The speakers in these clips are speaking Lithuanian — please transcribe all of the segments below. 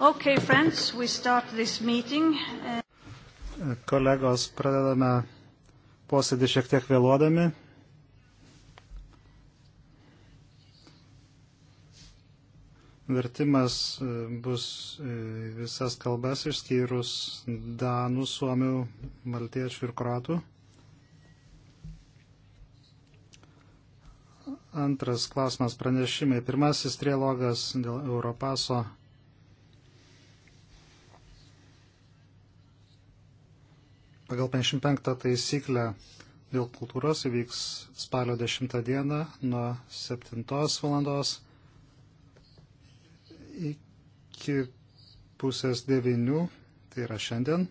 Okay, friends, we start this meeting. Kolegos, pradedame posėdį šiek tiek vėluodami. Vertimas e, bus e, visas kalbas išskyrus danų, suomių, maltiečių ir kroatų. Antras klausimas pranešimai. Pirmasis trilogas dėl Europaso pagal 55 taisyklę dėl kultūros įvyks spalio 10 dieną nuo 7 valandos iki pusės 9, tai yra šiandien.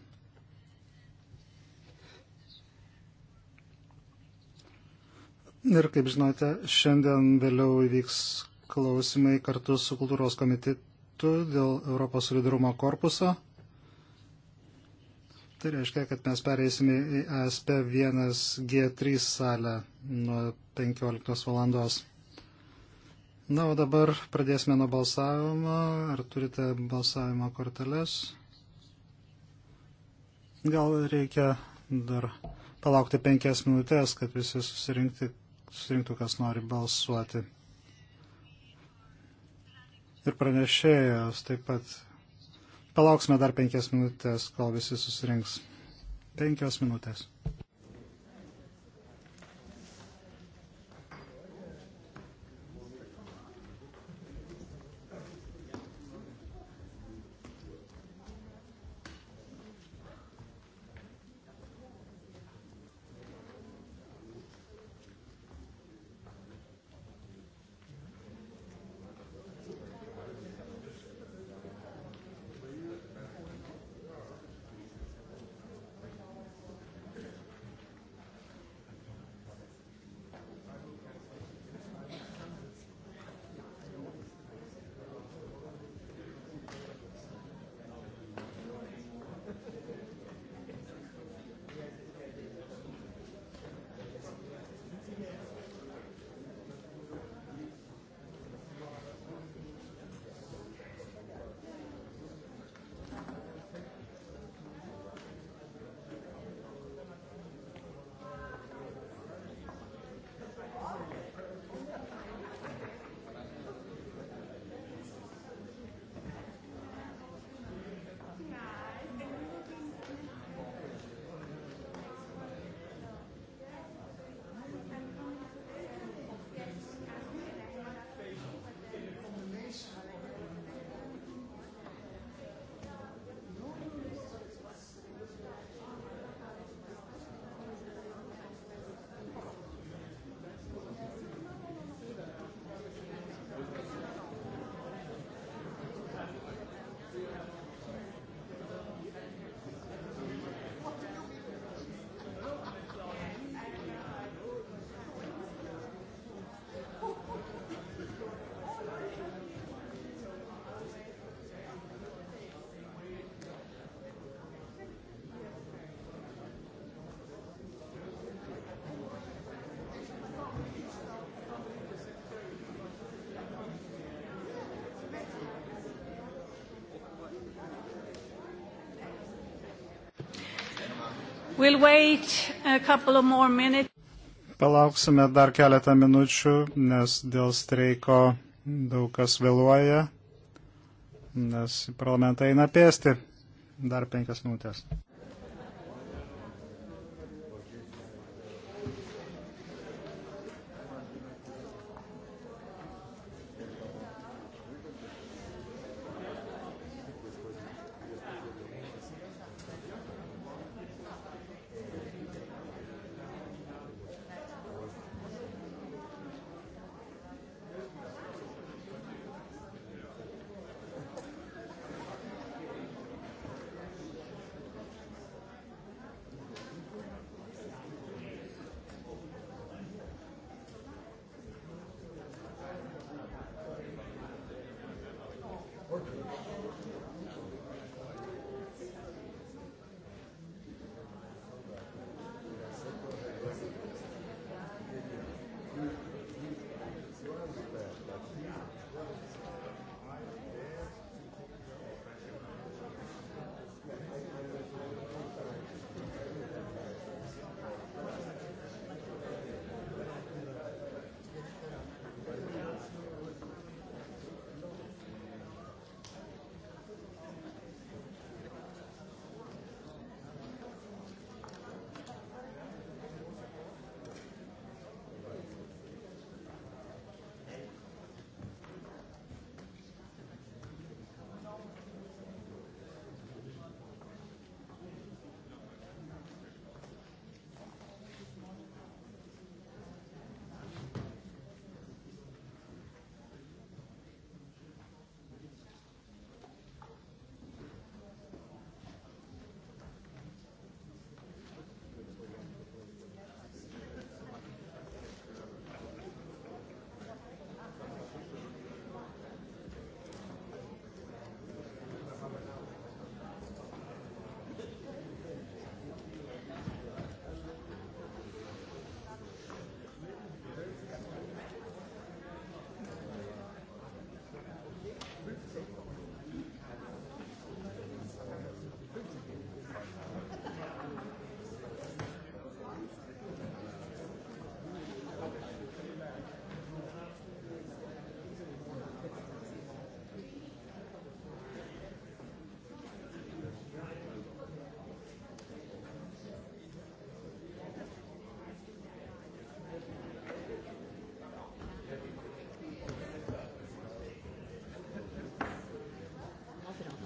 Ir kaip žinote, šiandien vėliau įvyks klausimai kartu su kultūros komitetu dėl Europos solidarumo korpuso. Tai reiškia, kad mes pereisime į ASP 1G3 salę nuo 15 valandos. Na, o dabar pradėsime nuo balsavimo. Ar turite balsavimo korteles? Gal reikia dar palaukti penkias minutės, kad visi susirinkti, susirinktų, kas nori balsuoti. Ir pranešėjas taip pat Palauksime dar penkias minutės, kol visi susirinks. Penkios minutės. We'll wait a couple of more minutes. Palauksime dar keletą minučių, nes dėl streiko daug kas vėluoja, nes į parlamentą eina pėsti. Dar penkias minutės.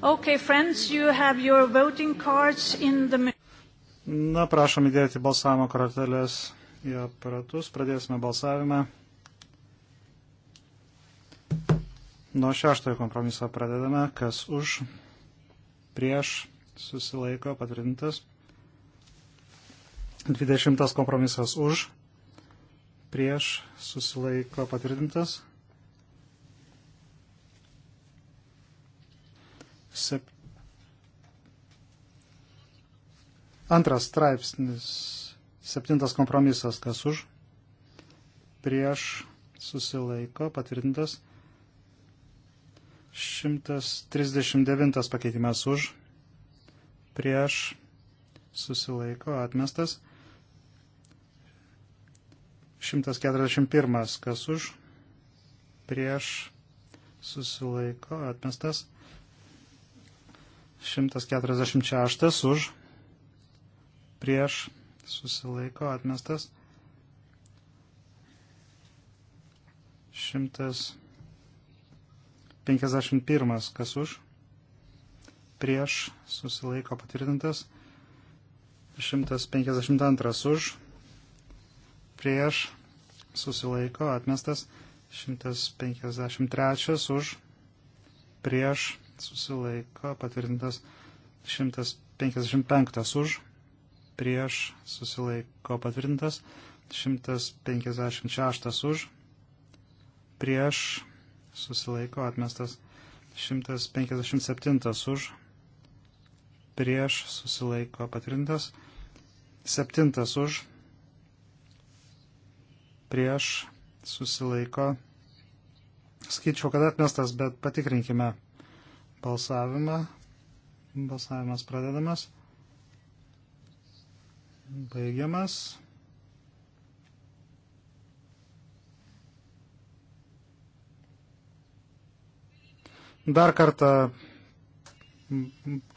Okay, friends, you have your voting cards in the... Na, prašom įdėti balsavimo kortelės į aparatus. Pradėsime balsavimą. Nuo šeštojo kompromiso pradedame. Kas už, prieš, susilaiko, patvirtintas. Dvidešimtas kompromisas už, prieš, susilaiko, patvirtintas. sep... Antras straipsnis, septintas kompromisas, kas už, prieš susilaiko, patvirtintas. 139 pakeitimas už, prieš susilaiko, atmestas. 141 kas už, prieš susilaiko, atmestas. 146 už, prieš, susilaiko, atmestas. 151, kas už, prieš, susilaiko, patvirtintas. 152 už, prieš, susilaiko, atmestas. 153 už, prieš, susilaiko patvirtintas 155 už, prieš susilaiko patvirtintas 156 už, prieš susilaiko atmestas 157 už, prieš susilaiko patvirtintas 7 už, prieš susilaiko. Skaičiau, kad atmestas, bet patikrinkime balsavimą. Balsavimas pradedamas. Baigiamas. Dar kartą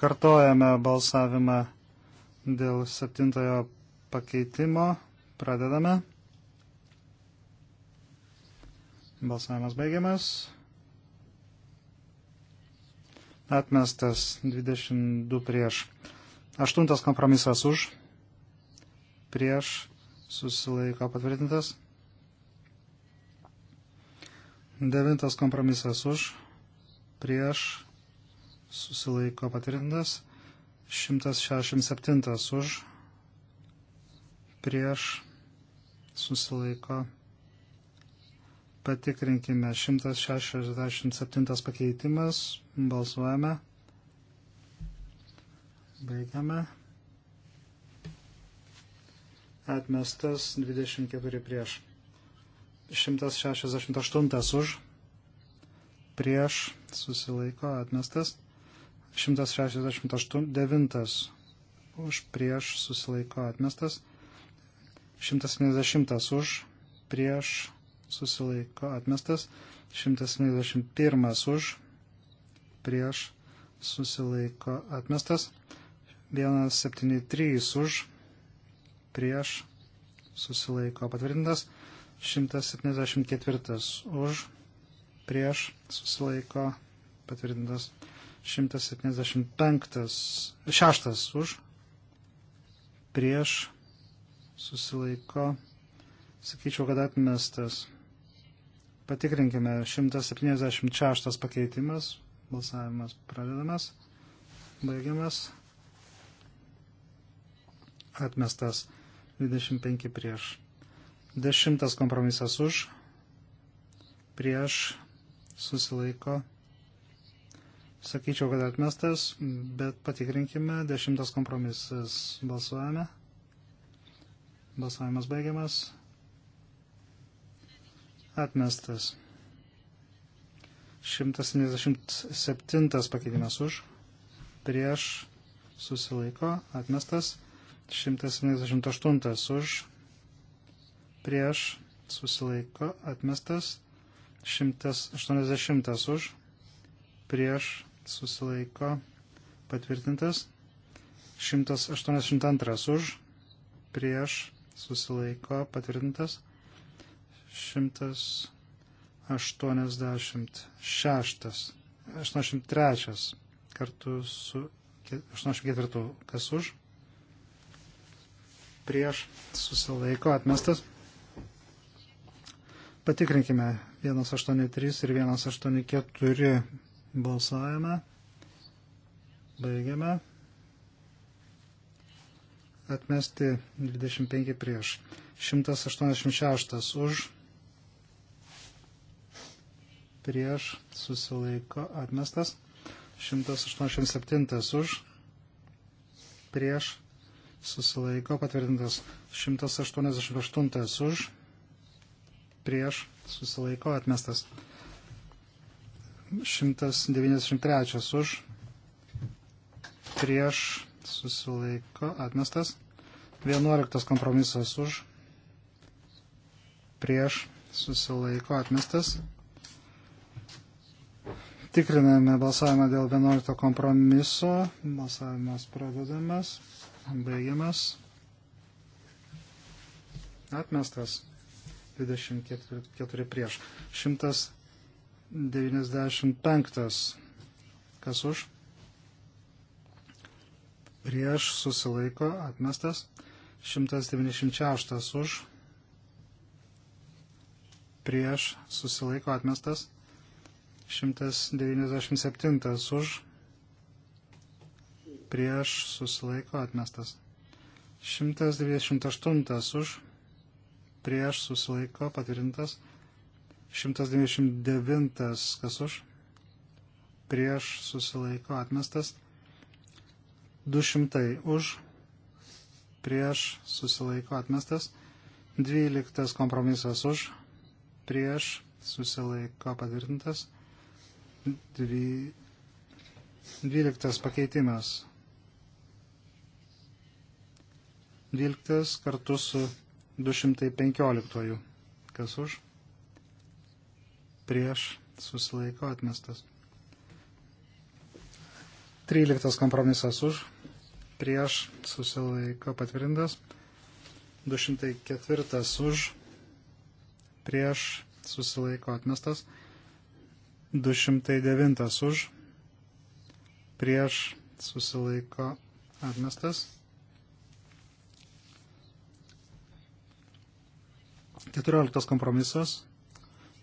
kartojame balsavimą dėl septintojo pakeitimo. Pradedame. Balsavimas baigiamas atmestas 22 prieš. Aštuntas kompromisas už, prieš, susilaiko patvirtintas. Devintas kompromisas už, prieš, susilaiko patvirtintas. 167 už, prieš, susilaiko Patikrinkime 167 pakeitimas. Balsuojame. Baigiame. Atmestas 24 prieš. 168 už. Prieš susilaiko atmestas. 168 9 už. Prieš susilaiko atmestas. 170 už. Prieš susilaiko atmestas, 171 už, prieš susilaiko atmestas, 173 už, prieš susilaiko patvirtintas, 174 už, prieš susilaiko patvirtintas, 175 6 už, prieš susilaiko, sakyčiau, kad atmestas. Patikrinkime 176 pakeitimas. Balsavimas pradedamas. Baigiamas. Atmestas 25 prieš. Dešimtas kompromisas už. Prieš susilaiko. Sakyčiau, kad atmestas, bet patikrinkime. Dešimtas kompromisas balsuojame. Balsavimas baigiamas. Atmestas. 177 pakeitimas už. Prieš susilaiko. Atmestas. 178 už. Prieš susilaiko. Atmestas. 180 už. Prieš susilaiko. Patvirtintas. 182 už. Prieš susilaiko. Patvirtintas. 186, 83 kartu su 84, kas už, prieš susilaiko atmestas. Patikrinkime 183 ir 184 balsavimą. Baigiame. Atmesti 25 prieš. 186 už prieš susilaiko atmestas, 187 už, prieš susilaiko patvirtintas, 188 už, prieš susilaiko atmestas, 193 už, prieš susilaiko atmestas, 11 kompromisas už, prieš susilaiko atmestas. Tikriname balsavimą dėl 11 kompromiso. Balsavimas pradedamas, baigiamas. Atmestas 24 prieš. 195. Kas už? Prieš susilaiko atmestas. 196 už. Prieš susilaiko atmestas. 197 už, prieš susilaiko atmestas. 128 už, prieš susilaiko patvirtintas. 199 kas už, prieš susilaiko atmestas. 200 už, prieš susilaiko atmestas. 12 kompromisas už, prieš susilaiko patvirtintas. Dvi, dvyliktas pakeitimas. Dvyliktas kartu su 215. Kas už? Prieš susilaiko atmestas. Tryliktas kompromisas už. Prieš susilaiko patvirtintas. 204 už. Prieš susilaiko atmestas. 209 už, prieš susilaiko atmestas. 14 kompromisas,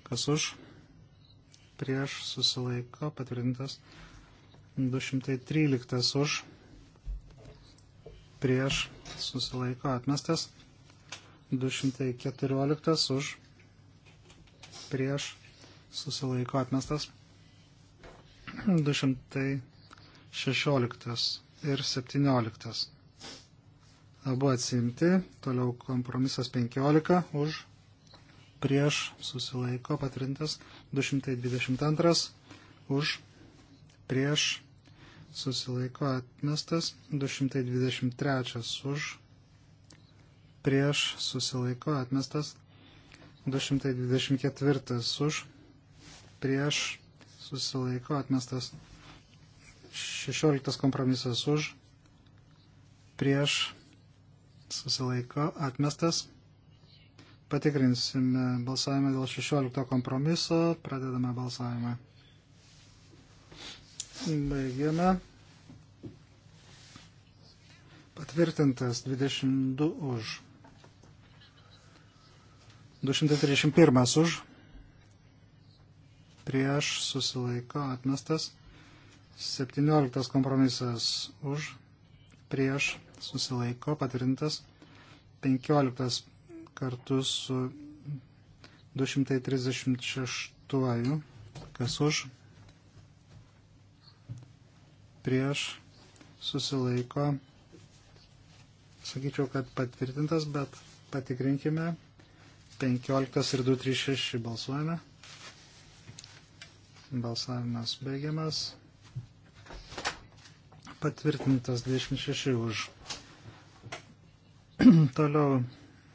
kas už, prieš susilaiko patvirtintas. 213 už, prieš susilaiko atmestas. 214 už, prieš susilaiko atmestas. 216 ir 17. Abu atsimti, toliau kompromisas 15 už prieš susilaiko patvirtintas 222 už prieš susilaiko atmestas 223 už prieš susilaiko atmestas 224 už prieš, susilaiko atmestas. 16 kompromisas už, prieš, susilaiko atmestas. Patikrinsime balsavimą dėl 16 kompromiso, pradedame balsavimą. Baigiame. Patvirtintas 22 už. 231 už prieš susilaiko atmestas. 17 kompromisas už prieš susilaiko patvirtintas. 15 kartu su 236 kas už prieš susilaiko. Sakyčiau, kad patvirtintas, bet patikrinkime. 15 ir 236 balsuojame. Balsavimas baigiamas. Patvirtintas 26 už. Toliau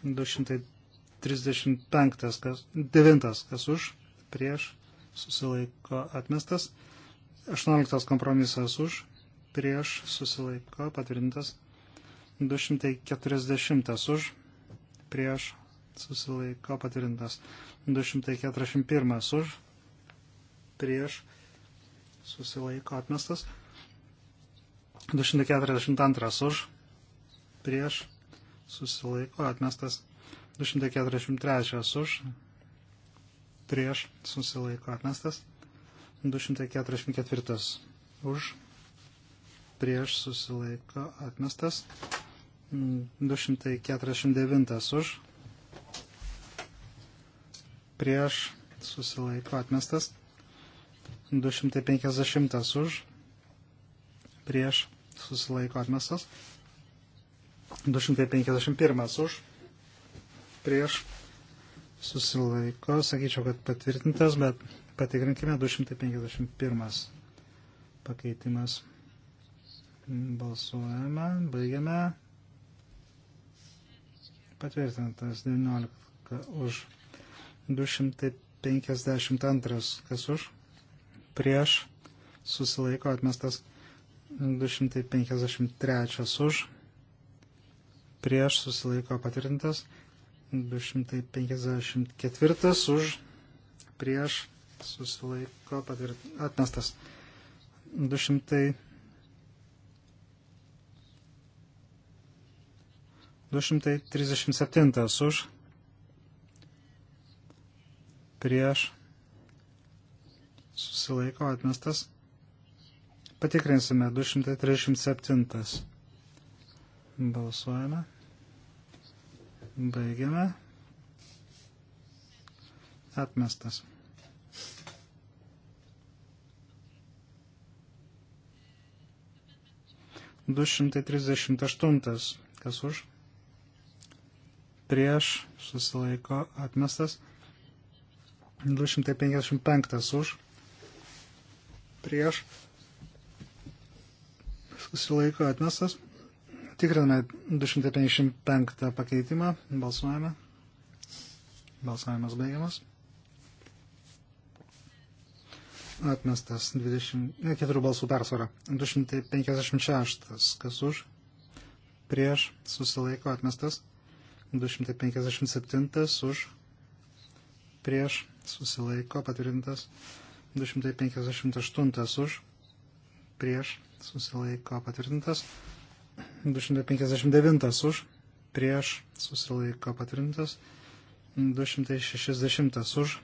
235, kas, 9, kas už, prieš, susilaiko atmestas. 18 kompromisas už, prieš, susilaiko patvirtintas. 240 už, prieš, susilaiko patvirtintas. 241 už, prieš susilaiko atmestas. 242 už prieš susilaiko atmestas. 243 už prieš susilaiko atmestas. 244 už prieš susilaiko atmestas. 249 už prieš susilaiko atmestas 250 už, prieš susilaiko atmestas, 251 už, prieš susilaiko, sakyčiau, kad patvirtintas, bet patikrinkime 251 pakeitimas. Balsuojame, baigiame. Patvirtintas 19 už 252, kas už? prieš, susilaiko atmestas 253 už, prieš susilaiko patvirtintas 254 už, prieš susilaiko patvirtintas atmestas 200. 237 už prieš susilaiko atmestas. Patikrinsime 237. Balsuojame. Baigiame. Atmestas. Du šimtai trisdešimt aštuntas. Kas už? Prieš susilaiko atmestas. Du šimtai penkiasdešimt penktas už prieš susilaiko atmestas. Tikriname 255 pakeitimą. Balsuojame. Balsavimas baigiamas. Atmestas 24 e, balsų persvara. 256. Kas už? Prieš susilaiko atmestas. 257 už. Prieš susilaiko patvirtintas. 258 už, prieš, susilaiko patvirtintas. 259 už, prieš, susilaiko patvirtintas. 260 už,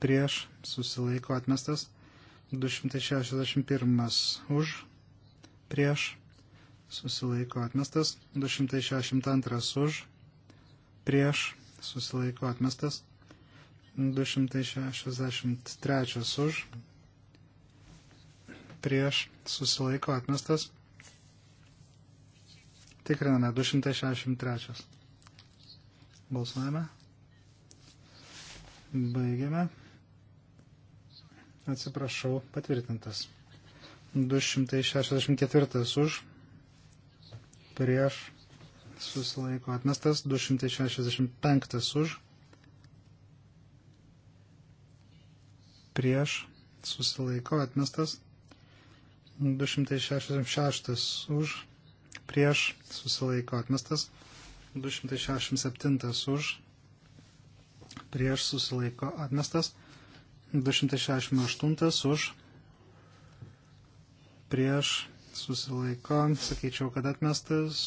prieš, susilaiko atmestas. 261 už, prieš, susilaiko atmestas. 262 už, prieš, susilaiko atmestas. 263 už, prieš susilaiko atmestas. Tikriname 263. Balsuojame. Baigiame. Atsiprašau, patvirtintas. 264 už, prieš susilaiko atmestas, 265 už, prieš, susilaiko atmestas. 266 už, prieš, susilaiko atmestas. 267 už, prieš, susilaiko atmestas. 268 už, prieš, susilaiko, sakyčiau, kad atmestas,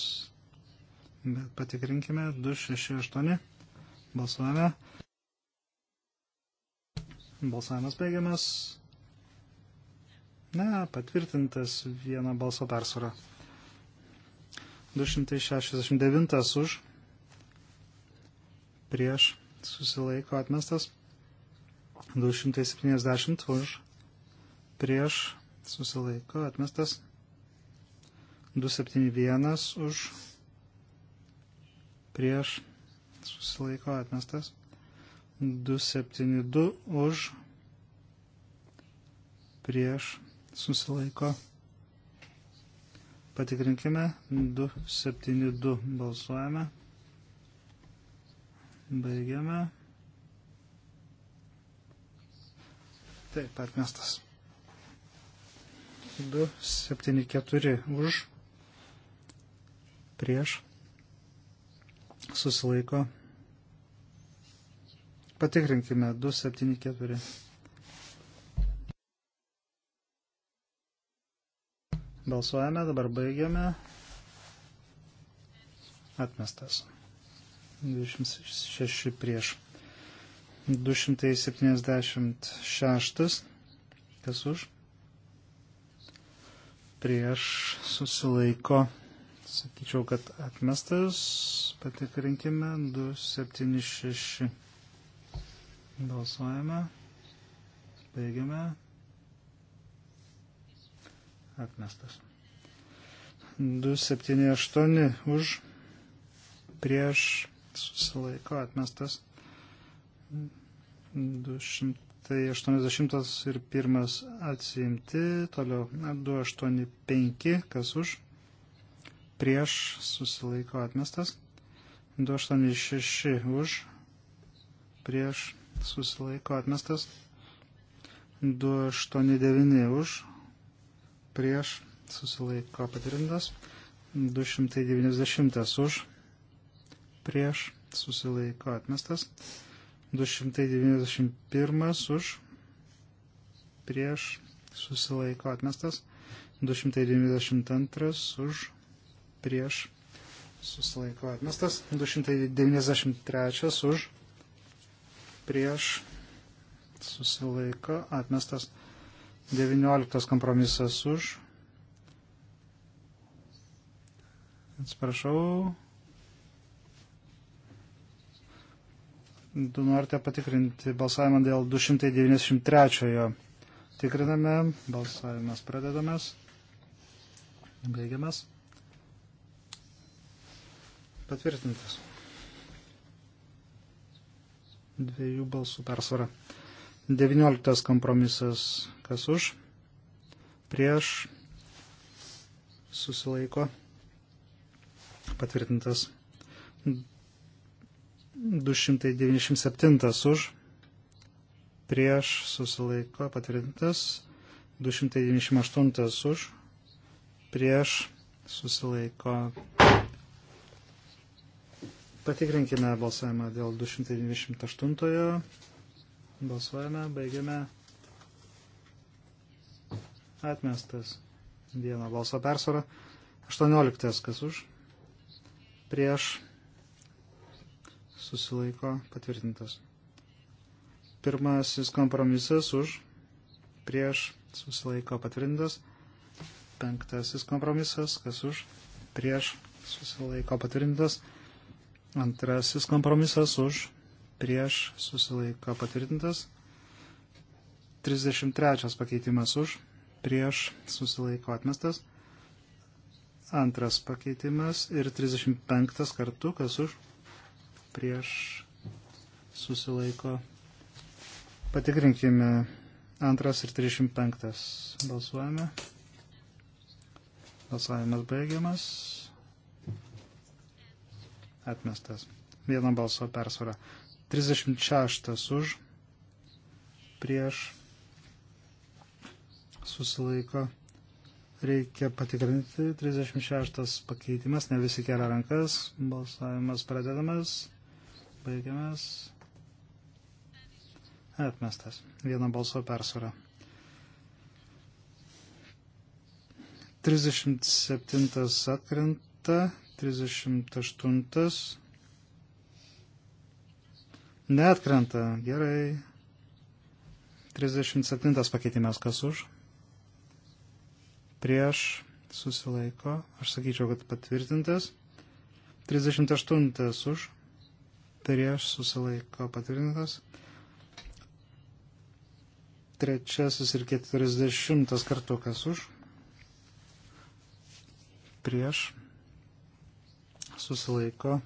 bet patikrinkime, 268, balsuojame. Balsavimas baigiamas. Ne, patvirtintas vieno balso persvara. 269 už. Prieš susilaiko atmestas. 270 už. Prieš susilaiko atmestas. 271 už. Prieš susilaiko atmestas. 272 už prieš susilaiko. Patikrinkime 272 balsuojame. Baigiame. Taip, atmestas. 274 už prieš susilaiko Patikrinkime 274. Balsuojame, dabar baigiame. Atmestas. 26 prieš. 276. Kas už? Prieš susilaiko. Sakyčiau, kad atmestas. Patikrinkime. 276. Balsuojame. Baigiame. Atmestas. 278 už prieš susilaiko atmestas 280 ir pirmas atsiimti, toliau 285, kas už prieš susilaiko atmestas 286 už prieš susilaiko atmestas. 289 už, prieš susilaiko patvirtintas. 290 už, prieš susilaiko atmestas. 291 už, prieš susilaiko atmestas. 292 už, prieš susilaiko atmestas. 293 už prieš susilaiko atmestas 19 kompromisas už. Atsiprašau. Du norite patikrinti balsavimą dėl 293-ojo. Tikriname, balsavimas pradedamas, baigiamas. Patvirtintas dviejų balsų persvara. 19 kompromisas kas už, prieš, susilaiko, patvirtintas. 297 už, prieš, susilaiko, patvirtintas. 298 už, prieš, susilaiko, Patikrinkime balsavimą dėl 298. Balsuojame, baigiame. Atmestas. Vieno balso persvara. 18. Kas už? Prieš. Susilaiko. Patvirtintas. Pirmasis kompromisas už. Prieš. Susilaiko. Patvirtintas. Penktasis kompromisas. Kas už? Prieš. Susilaiko. Patvirtintas. Antrasis kompromisas už prieš susilaiko patvirtintas. 33 pakeitimas už prieš susilaiko atmestas. Antras pakeitimas ir 35 kartu, kas už prieš susilaiko. Patikrinkime antras ir 35. Balsuojame. Balsavimas baigiamas atmestas. Vieno balso persvara. 36 už, prieš, susilaiko. Reikia patikrinti. 36 pakeitimas, ne visi kelia rankas. Balsavimas pradedamas, baigiamas. Atmestas. Vieno balso persvara. 37 atkrenta, 38. Netkrenta. Gerai. 37 pakeitimas kas už. Prieš susilaiko. Aš sakyčiau, kad patvirtintas. 38 už. Prieš susilaiko patvirtintas. Trečiasis ir keturiasdešimtas kartu kas už. Prieš susilaiko.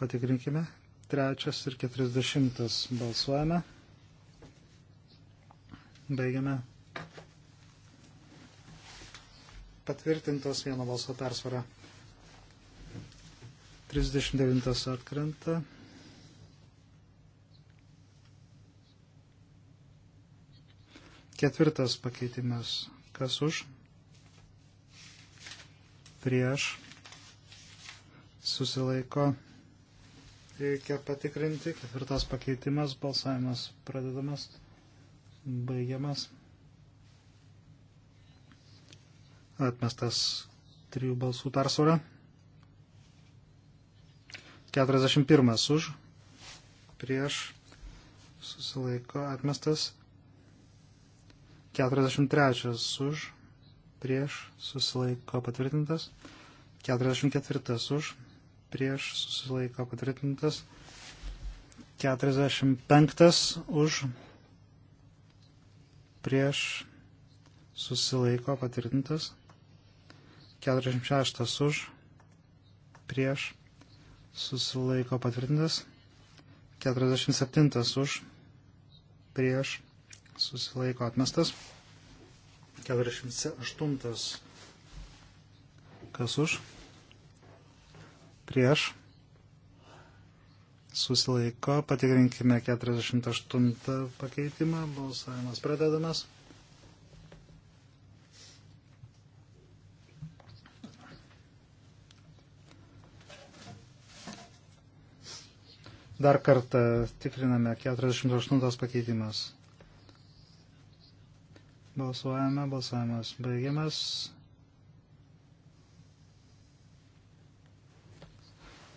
Patikrinkime. Trečias ir keturiasdešimtas balsuojame. Baigiame. Patvirtintos vieno balso persvara. 39 atkrenta. Ketvirtas pakeitimas. Kas už? Prieš susilaiko. Reikia patikrinti. Ketvirtas pakeitimas, balsavimas pradedamas, baigiamas. Atmestas trijų balsų persvara. 41 už, prieš, susilaiko, atmestas. 43 už, prieš, susilaiko, patvirtintas. 44 už, prieš susilaiko patvirtintas, 45 už prieš susilaiko patvirtintas, 46 už prieš susilaiko patvirtintas, 47 už prieš susilaiko atmestas, 48 kas už prieš, susilaiko, patikrinkime 48 pakeitimą, balsavimas pradedamas. Dar kartą tikriname 48 pakeitimas. Balsuojame, balsavimas baigiamas.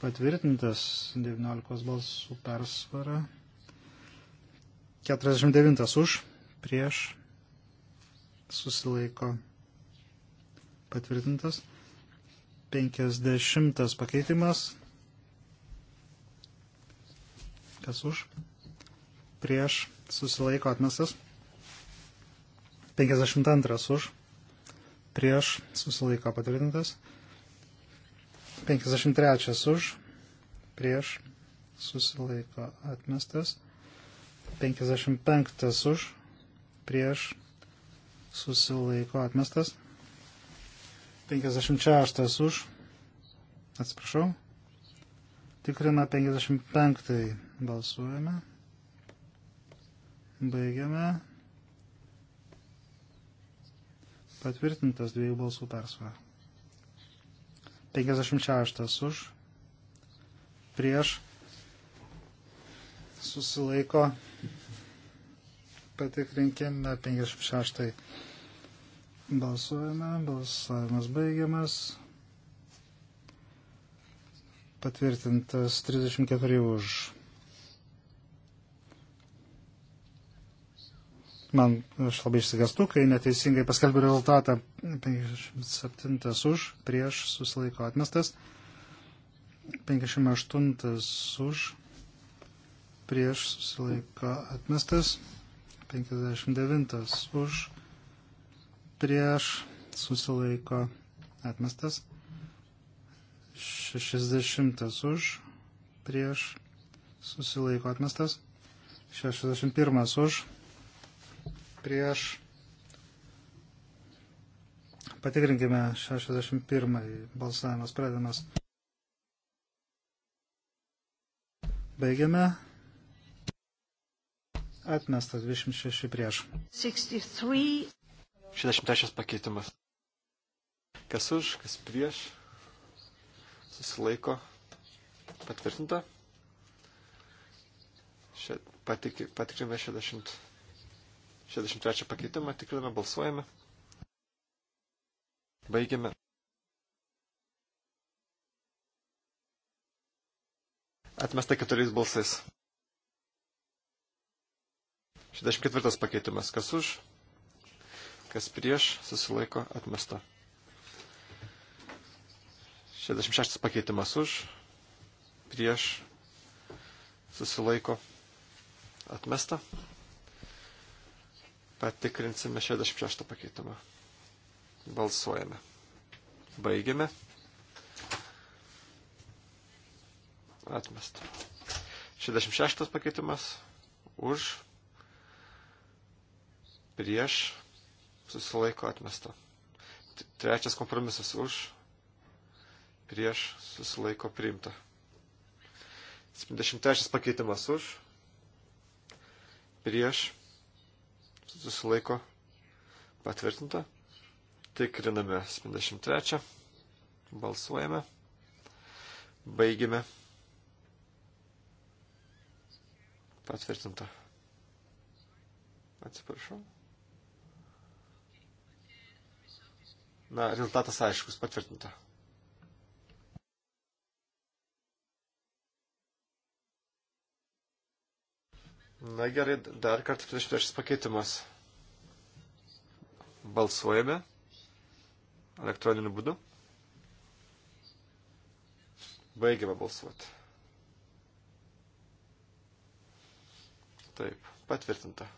patvirtintas 19 balsų persvara. 49 už, prieš, susilaiko patvirtintas. 50 pakeitimas. Kas už? Prieš susilaiko atmestas. 52 už. Prieš susilaiko patvirtintas. 53 už, prieš, susilaiko atmestas. 55 už, prieš, susilaiko atmestas. 56 už, atsiprašau, tikrina 55 balsuojame. Baigiame. Patvirtintas dviejų balsų persvara. 56 už, prieš, susilaiko, patikrinkime 56. Balsuojame, balsavimas baigiamas. Patvirtintas 34 už. Man aš labai išsigastu, kai neteisingai paskelbiu rezultatą. 57 už, prieš susilaiko atmestas. 58 už, prieš susilaiko atmestas. 59 už, prieš susilaiko atmestas. 60 už, prieš susilaiko atmestas. 61 už prieš. Patikrinkime 61 balsavimas pradedamas. Baigiame. Atmestas 26 prieš. 63. 63 pakeitimas. Kas už, kas prieš. Susilaiko. Patvirtinta. Patikrinime 60. 63 pakeitimą tikriname, balsuojame. Baigiame. Atmesta keturiais balsais. 64 pakeitimas. Kas už, kas prieš, susilaiko, atmesta. 66 pakeitimas už, prieš, susilaiko, atmesta. Patikrinsime 66 pakeitimą. Balsuojame. Baigiame. Atmest. 66 pakeitimas. Už. Prieš. Susilaiko atmesta. Trečias kompromisas. Už. Prieš. Susilaiko priimta. 73 pakeitimas. Už. Prieš susilaiko patvirtinta. Tikriname 73. Balsuojame. Baigime. Patvirtinta. Atsiprašau. Na, rezultatas aiškus, patvirtinta. Na gerai, dar kartą prieš prieš pakeitimas. Balsuojame elektroniniu būdu. Baigiame balsuoti. Taip, patvirtinta.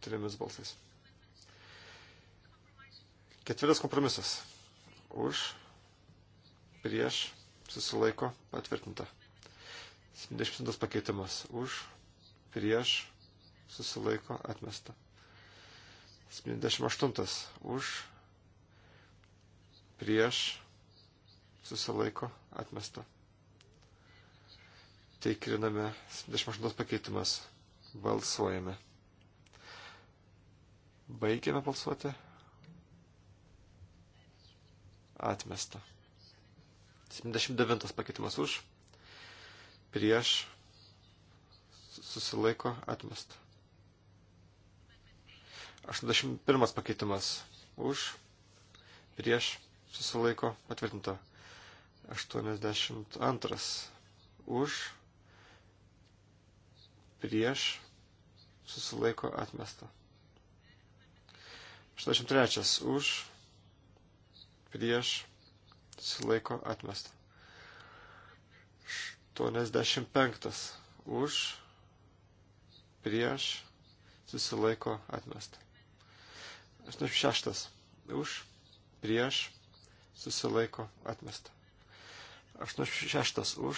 Trimis balsais. Ketvirtas kompromisas. Už, prieš, susilaiko, patvirtinta. 70 pakeitimas. Už, prieš, susilaiko, atmesta. 78 už, prieš, susilaiko, atmesta. Teikriname 78 pakeitimas. Balsuojame. Baigėme balsuoti. Atmesta. 79 pakeitimas už. Prieš susilaiko atmesta. 81 pakeitimas už, prieš susilaiko patvirtinta. 82 už, prieš susilaiko atmesta. 83 už, prieš susilaiko atmesta. 85 už, prieš, susilaiko atmesta. 86. Už, prieš, susilaiko atmesta. 86. Už,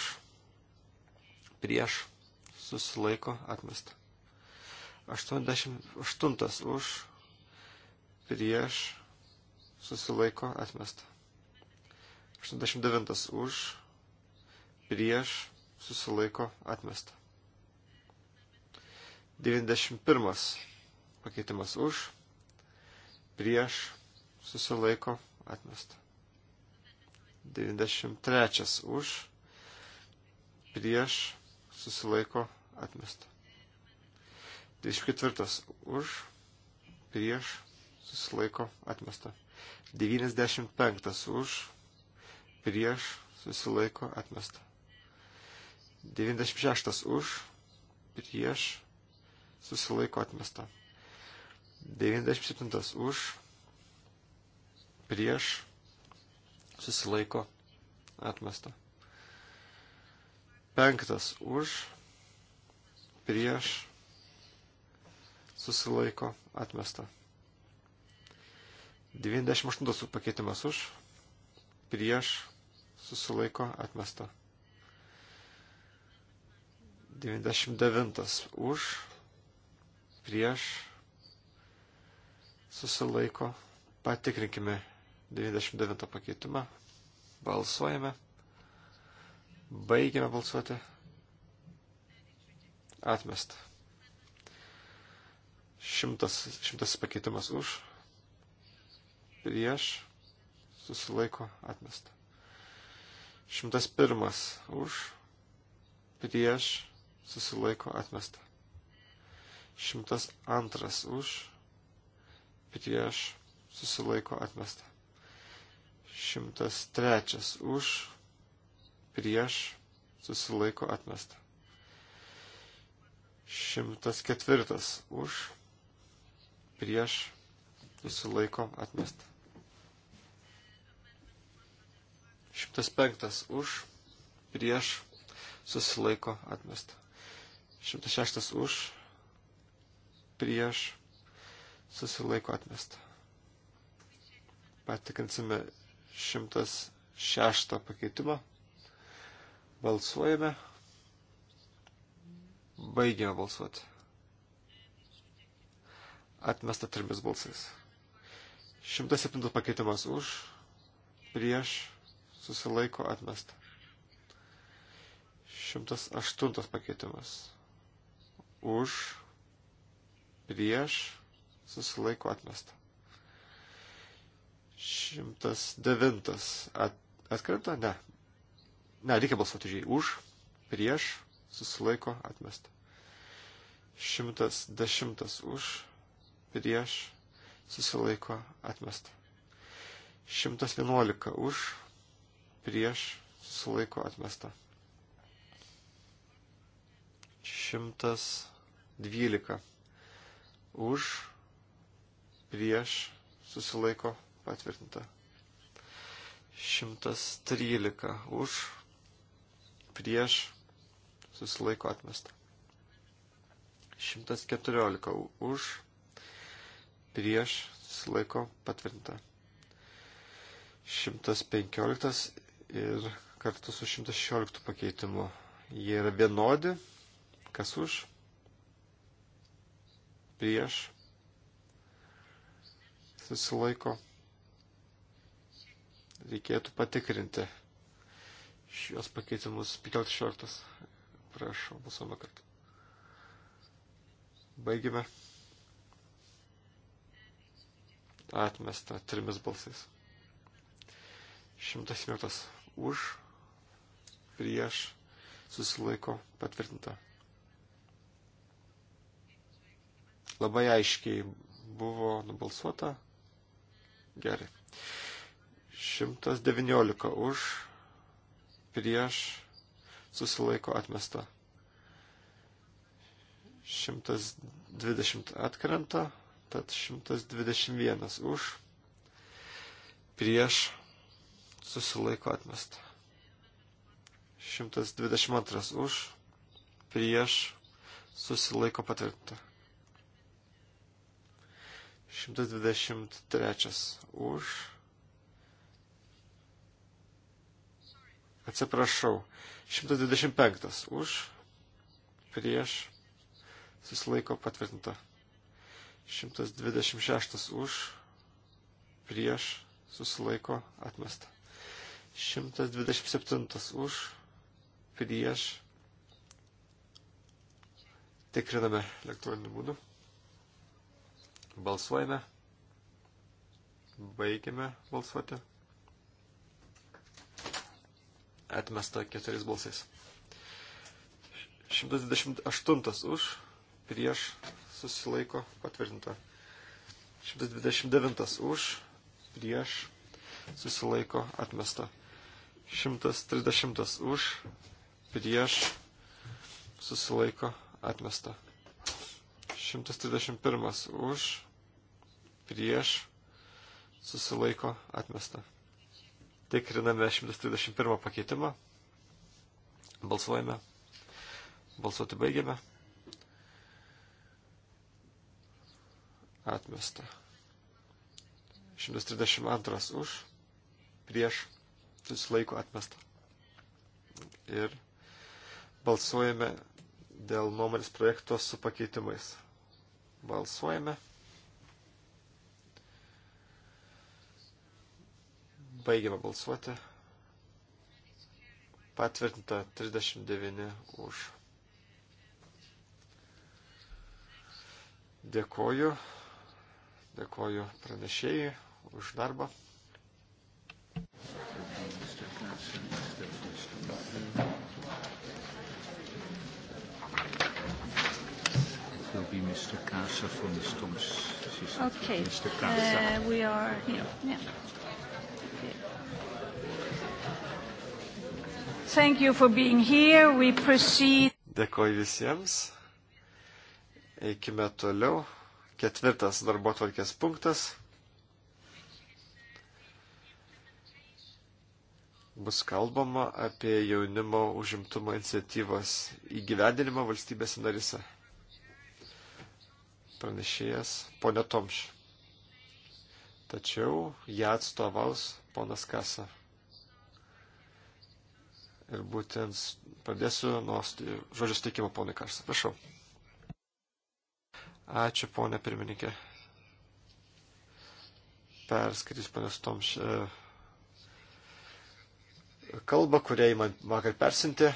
prieš, susilaiko atmesta. 88. Už, prieš, susilaiko atmesta. 89. Už, prieš, susilaiko atmesta. 91 pakeitimas už, prieš, susilaiko, atmesta. 93 už, prieš, susilaiko, atmesta. 24 už, prieš, susilaiko, atmesta. 95 už, prieš, susilaiko, atmesta. 96 už, prieš, susilaiko atmesta. 97 už, prieš, susilaiko atmesta. 5 už, prieš, susilaiko atmesta. 98 pakeitimas už, prieš, susilaiko atmesta. 99 už, prieš, susilaiko, patikrinkime 99 pakeitimą, balsuojame, baigiame balsuoti, atmesta. Šimtas, šimtas pakeitimas už, prieš, susilaiko, atmesta. Šimtas pirmas už, prieš, susilaiko, atmesta. 102 už, prieš, susilaiko atmesta. 103 už, prieš, susilaiko atmesta. 104 už, prieš, susilaiko atmesta. 105 už, prieš, susilaiko atmesta. 106 už, prieš susilaiko atmesta. Patikrinsime 106 pakeitimą. Balsuojame. Baigėme balsuoti. Atmesta trimis balsais. 107 pakeitimas už, prieš, susilaiko atmesta. 108 pakeitimas. Už, prieš, susilaiko atmesta. 109. At, atkrenta? Ne. Ne, reikia balsuoti žiai. Už, prieš, susilaiko atmesta. 110 už, prieš, susilaiko atmesta. 111 už, prieš, susilaiko atmesta. 112 už, prieš, susilaiko patvirtinta. 113 už, prieš, susilaiko atmesta. 114 už, prieš, susilaiko patvirtinta. 115 ir kartu su 116 pakeitimu. Jie yra vienodi, kas už, prieš, susilaiko, reikėtų patikrinti šios pakeitimus 15. Prašau, balsuojame kartu. Baigime. Atmesta trimis balsais. 111 už, prieš, susilaiko, patvirtinta. Labai aiškiai buvo nubalsuota. Gerai. 119 už, prieš, susilaiko atmesta. 120 atkrenta, tad 121 už, prieš, susilaiko atmesta. 122 už, prieš, susilaiko patvirtinta. 123 už. Atsiprašau. 125 už. Prieš. Susilaiko patvirtinta. 126 už. Prieš. Susilaiko atmesta. 127 už. Prieš. Tikriname elektroniniu būdu. Balsuojame. Baigiame balsuoti. Atmesta keturiais balsais. 128 už, prieš susilaiko patvirtinta. 129 už, prieš susilaiko atmesta. 130 už, prieš susilaiko atmesta. 131 už, prieš, susilaiko, atmesta. Tikriname 131 pakeitimą. Balsuojame. Balsuoti baigiame. Atmesta. 132 už, prieš, susilaiko atmesta. Ir balsuojame dėl nuomonės projekto su pakeitimais. Balsuojame. Baigiame balsuoti. Patvirtinta 39 už. Dėkoju. Dėkoju pranešėjai už darbą. be Mr. Casa from the Stumps. Okay. Mr. Casa. Uh, we are here. Yeah. Dėkoju visiems. Eikime toliau. Ketvirtas darbo tvarkės punktas. Bus kalbama apie jaunimo užimtumo iniciatyvos įgyvendinimą valstybėse narise. Pranešėjas ponė Tomš. Tačiau ją atstovaus ponas Kasa. Ir būtent pradėsiu nuo žodžio steikimo ponui Karsas. Prašau. Ačiū, ponė pirmininkė. Perskaitys ponės Tomš e, kalbą, kurią jį man vakar persinti.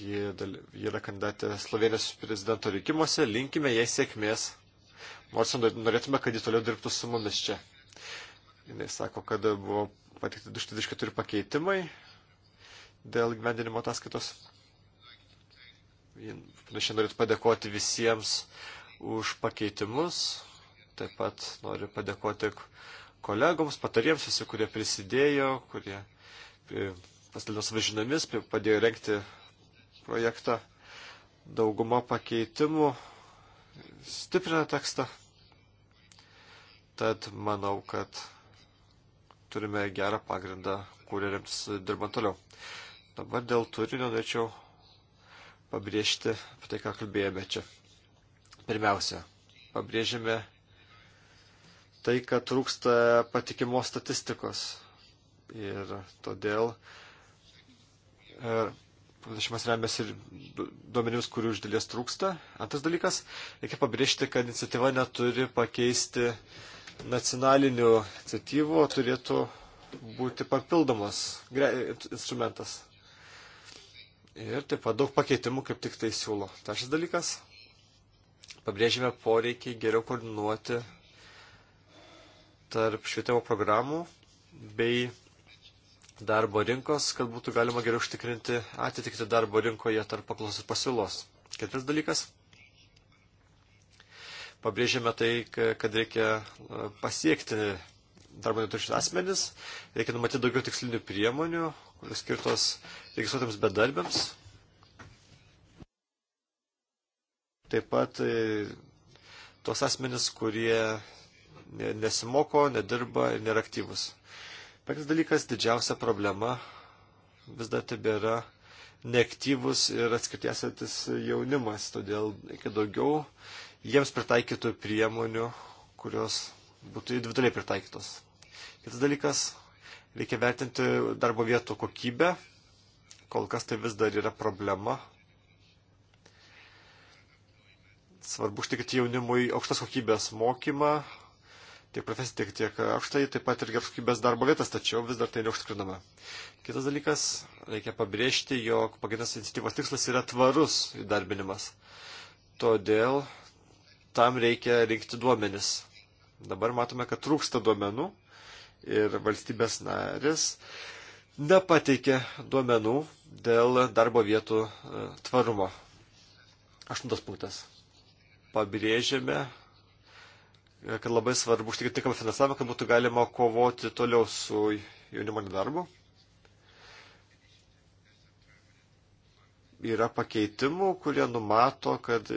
Ji yra kandidatė Slovenijos prezidento rinkimuose. Linkime jai sėkmės. Nors norėtume, kad ji toliau dirbtų su mumis čia. Jis sako, kad buvo patikti 234 pakeitimai dėl gyvendinimo ataskaitos. Panašiai norėtų padėkoti visiems už pakeitimus. Taip pat noriu padėkoti kolegoms, patariems, visi, kurie prisidėjo, kurie pasidalino savo žiniomis, padėjo renkti projektą. Dauguma pakeitimų stiprina tekstą. Tad manau, kad turime gerą pagrindą, kuriuo remtis dirbant toliau. Dabar dėl turinio norėčiau pabrėžti apie tai, ką kalbėjome čia. Pirmiausia, pabrėžėme tai, kad trūksta patikimos statistikos. Ir todėl e, pranešimas remiasi ir duomenims, kurių iš dalies trūksta. Antras dalykas, reikia pabrėžti, kad iniciatyva neturi pakeisti uh, nacionalinių iniciatyvų turėtų būti papildomas instrumentas. Ir taip pat daug pakeitimų kaip tik tai siūlo. Trečias dalykas. Pabrėžime poreikį geriau koordinuoti tarp švietimo programų bei darbo rinkos, kad būtų galima geriau užtikrinti atitikti darbo rinkoje tarp paklausos ir pasiūlos. Ketvirtas dalykas pabrėžėme tai, kad reikia e, pasiekti darbo neturinčius asmenis, reikia numatyti daugiau tikslinių priemonių, kurios skirtos registruotams bedarbiams. Taip pat e, tos asmenis, kurie nesimoko, nedirba ir nėra aktyvus. Penktas dalykas, didžiausia problema vis dar tebėra neaktyvus ir atskirties atis jaunimas, todėl reikia daugiau jiems pritaikytų priemonių, kurios būtų individualiai pritaikytos. Kitas dalykas, reikia vertinti darbo vietų kokybę. Kol kas tai vis dar yra problema. Svarbu užtikrinti jaunimui aukštas kokybės mokymą, tiek profesiją, tiek, tiek aukštąjį, taip pat ir geros kokybės darbo vietas, tačiau vis dar tai neužtikrinama. Kitas dalykas, reikia pabrėžti, jog pagrindinis iniciatyvos tikslas yra tvarus įdarbinimas. Todėl tam reikia rinkti duomenis. Dabar matome, kad trūksta duomenų ir valstybės narės nepateikė duomenų dėl darbo vietų e, tvarumo. Aštuntas punktas. Pabrėžėme, e, kad labai svarbu užtikrinti tinkamą finansavimą, kad būtų galima kovoti toliau su jaunimo nedarbu. yra pakeitimų, kurie numato, kad e,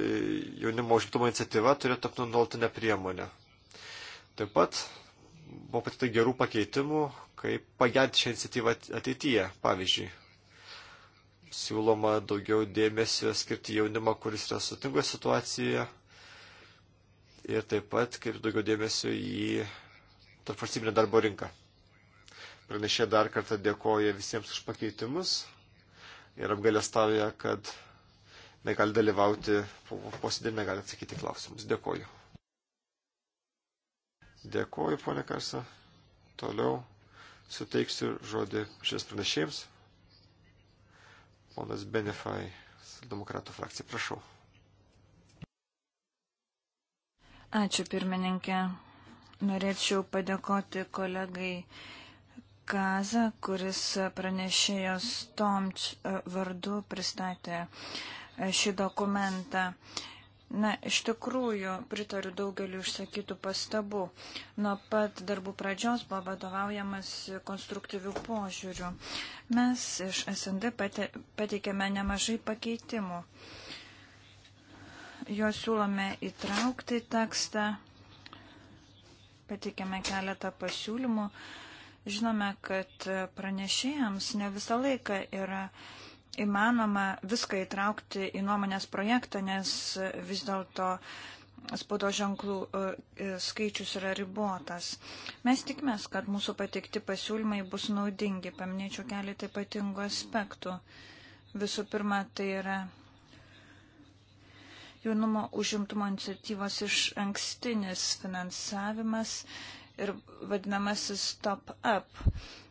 jaunimo užimtumo iniciatyva turėtų tapti nuolatinę priemonę. Taip pat buvo patikta gerų pakeitimų, kaip pagerinti šią iniciatyvą ateityje. Pavyzdžiui, siūloma daugiau dėmesio skirti jaunimą, kuris yra sutingoje situacijoje ir taip pat skirti daugiau dėmesio į tarpvalstybinę darbo rinką. Pranešė dar kartą dėkoja visiems už pakeitimus ir apgalėstavę, kad negali dalyvauti posėdį ir negali atsakyti klausimus. Dėkoju. Dėkoju, ponė Karsa. Toliau suteiksiu žodį šis pranešėjams. Ponas Benefai, Demokratų frakcija, prašau. Ačiū pirmininkė. Norėčiau padėkoti kolegai Kaza, kuris pranešėjos Tomč vardu pristatė e, šį dokumentą. Na, iš tikrųjų, pritariu daugeliu išsakytų pastabų. Nuo pat darbų pradžios buvo vadovaujamas konstruktyvių požiūrių. Mes iš SND pateikėme nemažai pakeitimų. Juos siūlome įtraukti į tekstą, pateikėme keletą pasiūlymų. Uh, Žinome, kad pranešėjams ne visą laiką yra įmanoma viską įtraukti į nuomonės projektą, nes vis dėlto spaudo ženklų e, e, skaičius yra ribotas. Mes tikimės, kad mūsų pateikti pasiūlymai bus naudingi. Paminėčiau keletą ypatingų aspektų. Visų pirma, tai yra jaunimo užimtumo iniciatyvos iš ankstinis finansavimas ir vadinamasis top-up.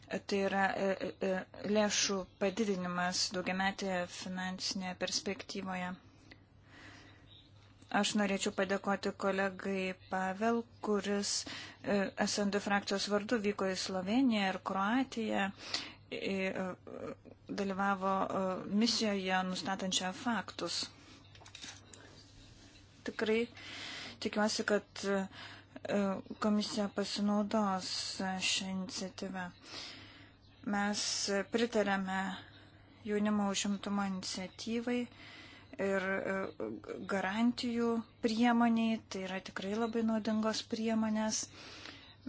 Tai yra e, e, e, lėšų padidinimas daugiametėje finansinėje perspektyvoje. Aš norėčiau padėkoti kolegai Pavel, kuris SND frakcijos vardu vyko į Sloveniją ir Kroatiją, dalyvavo misijoje nustatančią faktus. Tikrai tikiuosi, kad komisija pasinaudos šią iniciatyvą. Mes pritarėme jaunimo užimtumo iniciatyvai ir e, garantijų priemoniai, tai yra tikrai labai naudingos priemonės.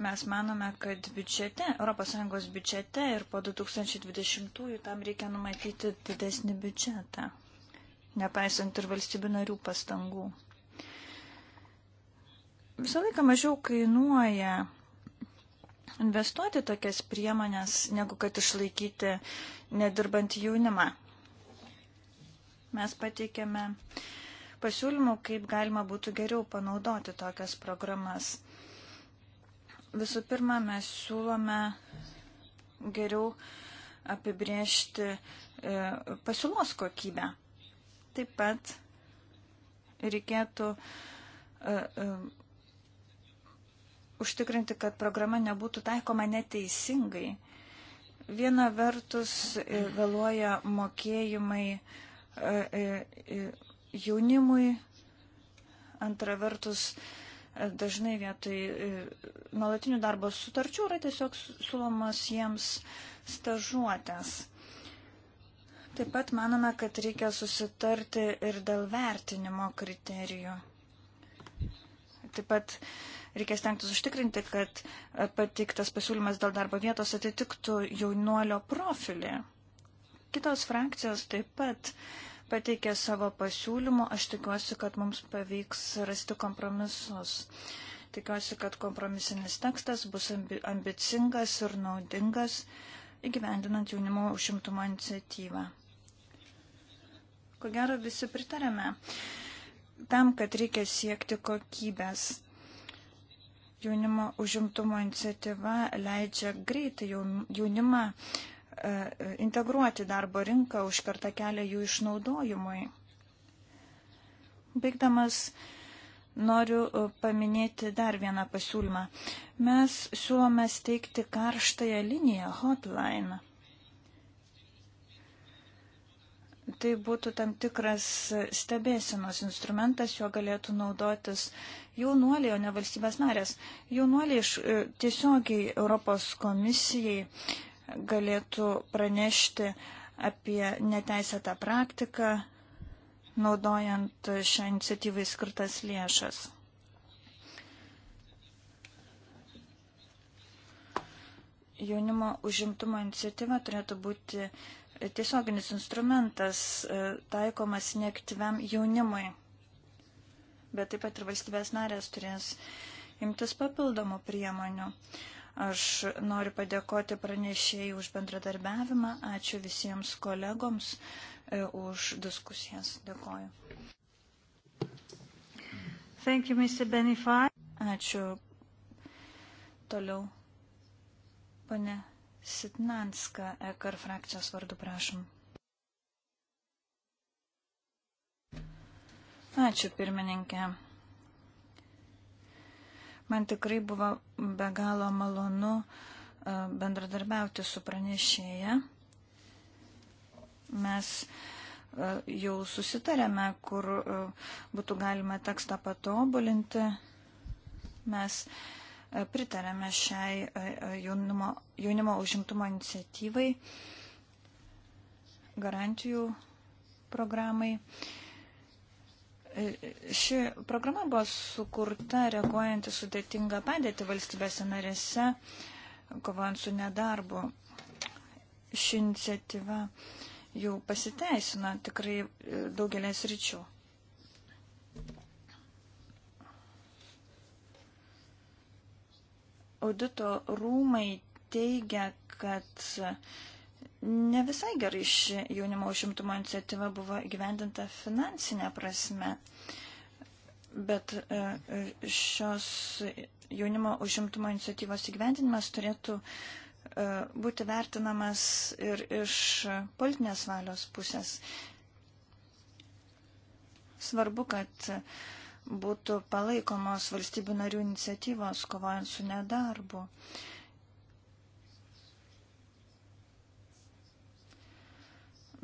Mes manome, kad biudžete, ES biudžete ir po 2020-ųjų tam reikia numatyti didesnį biudžetą, nepaisant ir valstybių narių pastangų visą laiką mažiau kainuoja investuoti tokias priemonės, negu kad išlaikyti nedirbantį jaunimą. Mes pateikėme pasiūlymų, kaip galima būtų geriau panaudoti tokias programas. Visų pirma, mes siūlome geriau apibriežti e, pasiūlos kokybę. Taip pat reikėtų e, e, užtikrinti, kad programa nebūtų taikoma neteisingai. Viena vertus e, vėluoja mokėjimai e, e, jaunimui, antra vertus dažnai vietoj nuolatinių darbo sutarčių yra tiesiog sulomos jiems stažuotės. Taip pat manome, kad reikia susitarti ir dėl vertinimo kriterijų. Taip pat Reikės tenktis užtikrinti, kad e, patiktas pasiūlymas dėl darbo vietos atitiktų jaunuolio profilį. Kitos frakcijos taip pat pateikė savo pasiūlymų. Aš tikiuosi, kad mums pavyks rasti kompromisus. Tikiuosi, kad kompromisinis tekstas bus ambicingas ir naudingas įgyvendinant jaunimo užimtumo iniciatyvą. Ko gero visi pritarėme tam, kad reikia siekti kokybės. Jaunimo užimtumo iniciatyva leidžia greitai jaunimą e, e, integruoti darbo rinką, užkarta kelią jų išnaudojimui. Baigdamas noriu e, paminėti dar vieną pasiūlymą. Mes siūlome steigti karštąją liniją, hotline. tai būtų tam tikras stebėsinos instrumentas, juo galėtų naudotis jaunuoliai, o ne valstybės narės. Jaunuoliai iš e, tiesiogiai Europos komisijai galėtų pranešti apie neteisėtą praktiką, naudojant šią iniciatyvą skirtas lėšas. Jaunimo užimtumo iniciatyva turėtų būti tiesioginis instrumentas e, taikomas neaktyviam jaunimui. Bet taip pat ir valstybės narės turės imtis papildomų priemonių. Aš noriu padėkoti pranešėjai už bendradarbiavimą. Ačiū visiems kolegoms e, už diskusijas. Dėkoju. Thank you, Mr. Benify. Ačiū. Toliau. Pane Sitnanska, EKR frakcijos vardu prašom. Ačiū pirmininkė. Man tikrai buvo be galo malonu e, bendradarbiauti su pranešėja. Mes e, jau susitarėme, kur e, būtų galima tekstą patobulinti. Mes uh, pritarėme šiai e, e, jaunimo, jaunimo užimtumo iniciatyvai, garantijų programai. E, ši programa buvo sukurta reaguojant į sudėtingą padėtį valstybėse narėse, kovojant su nedarbu. Ši iniciatyva jau pasiteisina tikrai daugelės ryčių. Audito rūmai teigia, kad ne visai gerai ši jaunimo užimtumo iniciatyva buvo gyvendinta finansinė prasme, bet e, šios jaunimo užimtumo iniciatyvos įgyvendinimas turėtų e, būti vertinamas ir iš politinės valios pusės. Svarbu, kad būtų palaikomos valstybių narių iniciatyvos kovojant su nedarbu.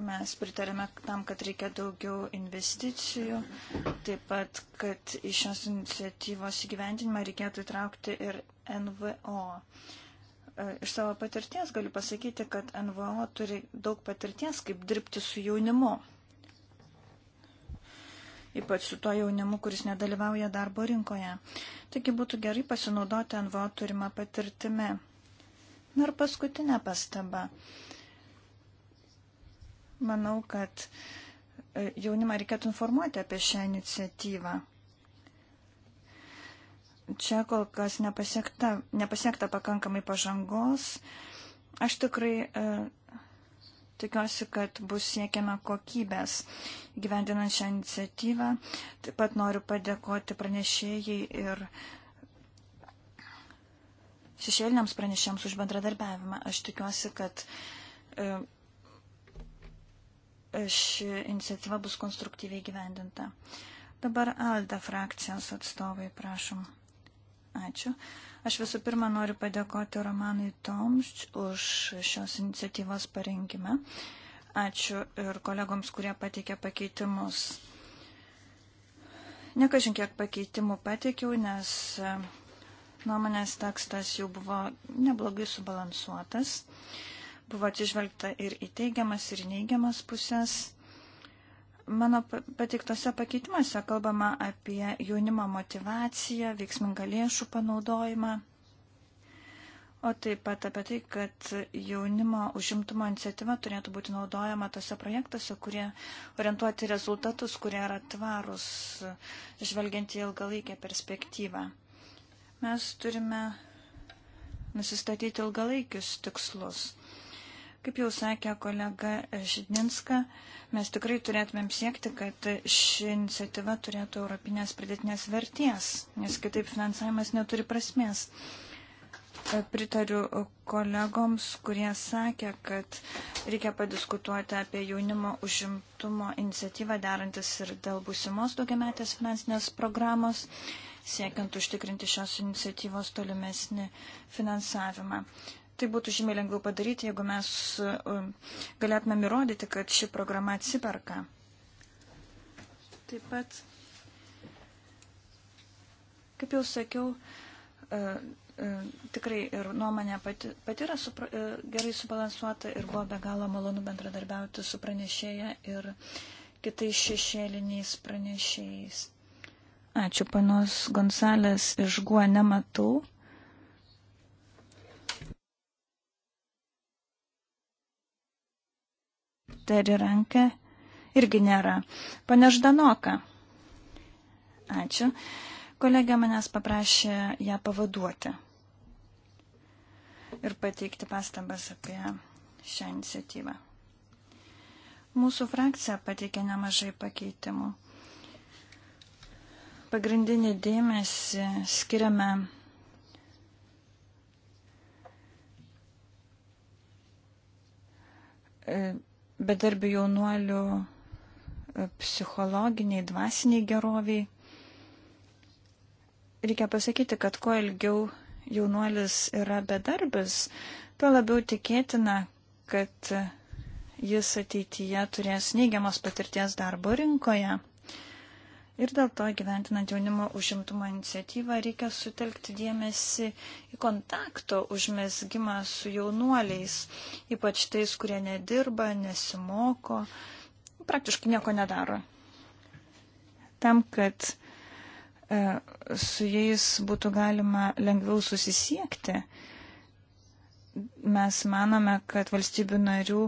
Mes pritarėme tam, kad reikia daugiau investicijų, taip pat, kad į šios iniciatyvos įgyvendinimą reikėtų įtraukti ir NVO. E, iš savo patirties galiu pasakyti, kad NVO turi daug patirties, kaip dirbti su jaunimu ypač su tuo jaunimu, kuris nedalyvauja darbo rinkoje. Taigi būtų gerai pasinaudoti NVO turimą patirtimį. Na ir paskutinė pastaba. Manau, kad e, jaunimą reikėtų informuoti apie šią iniciatyvą. Čia kol kas nepasiekta, nepasiekta pakankamai pažangos. Aš tikrai e, Tikiuosi, kad bus siekiama kokybės gyvendinant šią iniciatyvą. Taip pat noriu padėkoti pranešėjai ir šešėliniams pranešėjams už bendradarbiavimą. Aš tikiuosi, kad e, ši iniciatyva bus konstruktyviai gyvendinta. Dabar Alda frakcijos atstovai, prašom. Ačiū. Aš visų pirma noriu padėkoti Romanui Toms už šios iniciatyvos parengimą. Ačiū ir kolegoms, kurie pateikė pakeitimus. Nekažin kiek pakeitimų pateikiau, nes e, nuomonės tekstas jau buvo neblogai subalansuotas. Buvo atsižvelgta ir į teigiamas, ir neigiamas pusės. Mano patiktose pakeitimuose kalbama apie jaunimo motivaciją, veiksmingą lėšų panaudojimą, o taip pat apie tai, kad jaunimo užimtumo iniciatyva turėtų būti naudojama tose projektuose, kurie orientuoti rezultatus, kurie yra tvarus, žvelgiant į ilgalaikę perspektyvą. Mes turime nusistatyti ilgalaikius tikslus. Kaip jau sakė kolega Židninska, mes tikrai turėtumėm siekti, kad ši iniciatyva turėtų europinės pridėtinės verties, nes kitaip finansavimas neturi prasmės. Pritariu kolegoms, kurie sakė, kad reikia padiskutuoti apie jaunimo užimtumo iniciatyvą derantis ir dėl būsimos daugiametės finansinės programos siekiant užtikrinti šios iniciatyvos tolimesnį finansavimą. Tai būtų žymiai lengviau padaryti, jeigu mes um, galėtumėm įrodyti, kad ši programa atsiperka. Taip pat, kaip jau sakiau, e, e, tikrai ir nuomonė pati, pati yra supra, e, gerai subalansuota ir buvo be galo malonu bendradarbiauti su pranešėja ir kitais šešėliniais pranešėjais. Ačiū, panos Gonsalės iš Guo nematau. Teri Rankė irgi nėra. Pane Ždanoka. Ačiū. Kolegė manęs paprašė ją pavaduoti ir pateikti pastabas apie šią iniciatyvą. Mūsų frakcija pateikė nemažai pakeitimų. Pagrindinį dėmesį skiriame e, bedarbių jaunuolių e, psichologiniai, dvasiniai geroviai. Reikia pasakyti, kad kuo ilgiau jaunuolis yra bedarbis, tuo labiau tikėtina, kad jis ateityje turės neigiamas patirties darbo rinkoje. Ir dėl to, gyventinant jaunimo užimtumo iniciatyvą, reikia sutelkti dėmesį į kontakto užmesgymą su jaunuoliais, ypač tais, kurie nedirba, nesimoko, praktiškai nieko nedaro. Tam, kad e, su jais būtų galima lengviau susisiekti, e, mes manome, kad valstybių narių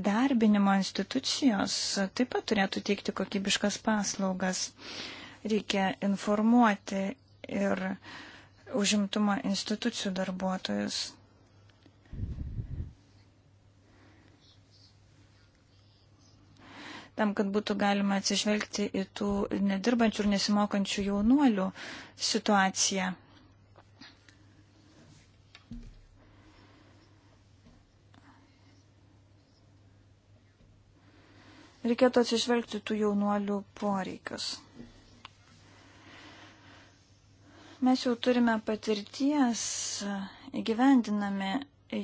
įdarbinimo institucijos taip pat turėtų teikti kokybiškas paslaugas. Reikia informuoti ir užimtumo institucijų darbuotojus. Tam, kad būtų galima atsižvelgti į tų nedirbančių ir nesimokančių jaunuolių situaciją. Reikėtų atsižvelgti tų jaunuolių poreikius. Mes jau turime patirties įgyvendinami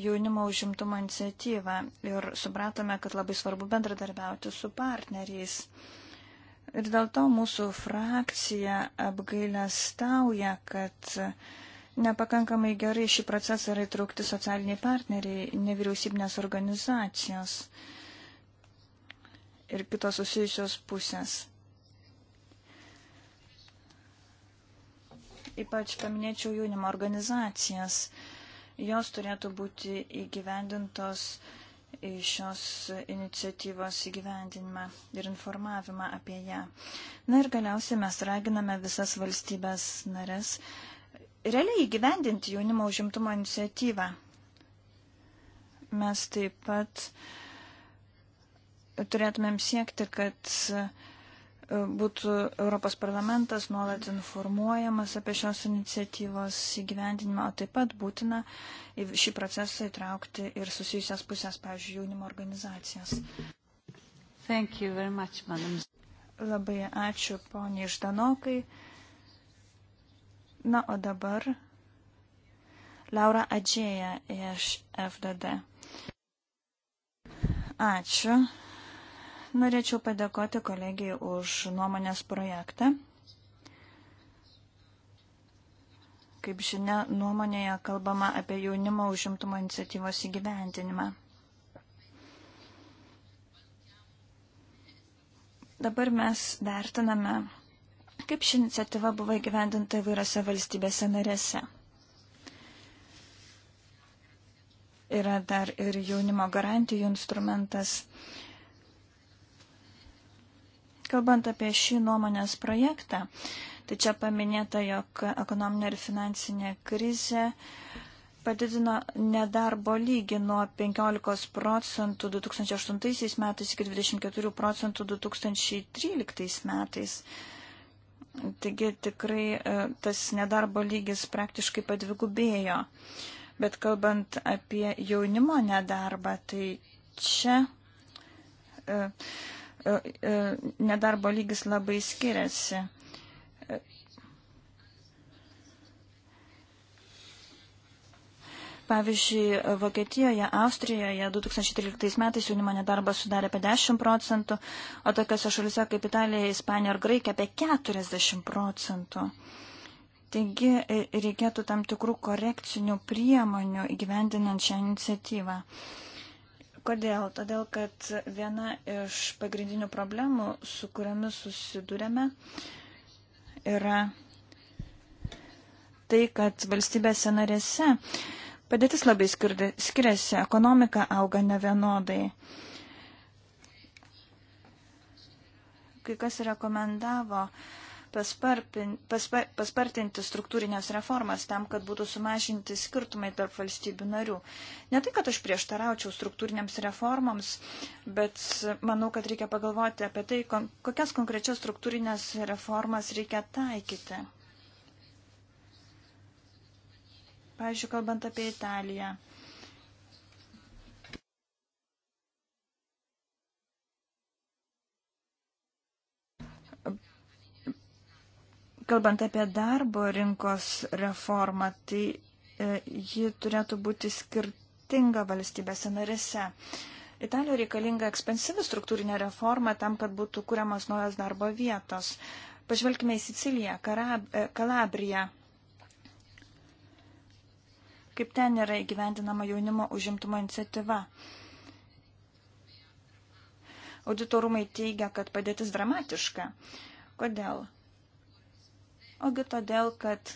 jaunimo užimtumo iniciatyvą ir supratome, kad labai svarbu bendradarbiauti su partneriais. Ir dėl to mūsų frakcija apgailę stauja, kad nepakankamai gerai šį procesą yra įtraukti socialiniai partneriai, nevyriausybinės organizacijos. Uh, ir kitos susijusios pusės. Ypač paminėčiau jaunimo organizacijas. Jos turėtų būti įgyvendintos į šios iniciatyvos įgyvendinimą ir informavimą apie ją. Na ir galiausiai mes raginame visas valstybės narės realiai įgyvendinti jaunimo užimtumo iniciatyvą. Mes taip pat uh, turėtumėm siekti, kad e, būtų Europos parlamentas nuolat informuojamas apie šios iniciatyvos įgyvendinimą, o taip pat būtina į šį procesą įtraukti ir susijusias pusės, pavyzdžiui, jaunimo organizacijas. Thank you very much, madam. Labai ačiū, poniai Ždanokai. Na, o dabar Laura Adžėja iš FDD. Ačiū. Norėčiau padėkoti kolegijai už nuomonės projektą. Kaip žinia, nuomonėje kalbama apie jaunimo užimtumo iniciatyvos įgyventinimą. Dabar mes vertiname, kaip ši iniciatyva buvo įgyvendinta įvairiose valstybėse narėse. Yra dar ir jaunimo garantijų instrumentas. Kalbant apie šį nuomonės projektą, tai čia paminėta, jog ekonominė ir finansinė krizė padidino nedarbo lygį nuo 15 procentų 2008 metais iki 24 procentų 2013 metais. Taigi tikrai e, tas nedarbo lygis praktiškai padvigubėjo. Bet kalbant apie jaunimo nedarbą, tai čia. Uh, E, e, nedarbo lygis labai skiriasi. Pavyzdžiui, Vokietijoje, Austrijoje 2013 metais jaunimo nedarbas sudarė apie 10 procentų, o tokiose šalise kaip Italija, Ispanija ar Graikija apie 40 procentų. Taigi e, reikėtų tam tikrų korekcinių priemonių įgyvendinant šią iniciatyvą. Uh, Kodėl? Todėl, kad viena iš pagrindinių problemų, su kuriamis susidurėme, yra tai, kad valstybėse narėse padėtis labai skirdi, skiriasi, ekonomika auga nevienodai. Kai kas rekomendavo uh, paspa, paspartinti struktūrinės reformas tam, kad būtų sumažinti skirtumai tarp valstybių narių. Ne tai, kad aš prieštaraučiau struktūrinėms reformoms, bet manau, kad reikia pagalvoti apie tai, kokias konkrečias struktūrinės reformas reikia taikyti. Pavyzdžiui, kalbant apie Italiją. Kalbant apie darbo rinkos reformą, tai e, ji turėtų būti skirtinga valstybėse narėse. Italijoje reikalinga ekspansyvi struktūrinė reforma tam, kad būtų kuriamas naujas darbo vietos. Pažvelkime į Siciliją, Karab e, Kalabriją. Kaip ten yra įgyvendinama jaunimo užimtumo iniciatyva. Auditorumai teigia, kad padėtis dramatiška. Kodėl? Ogi todėl, kad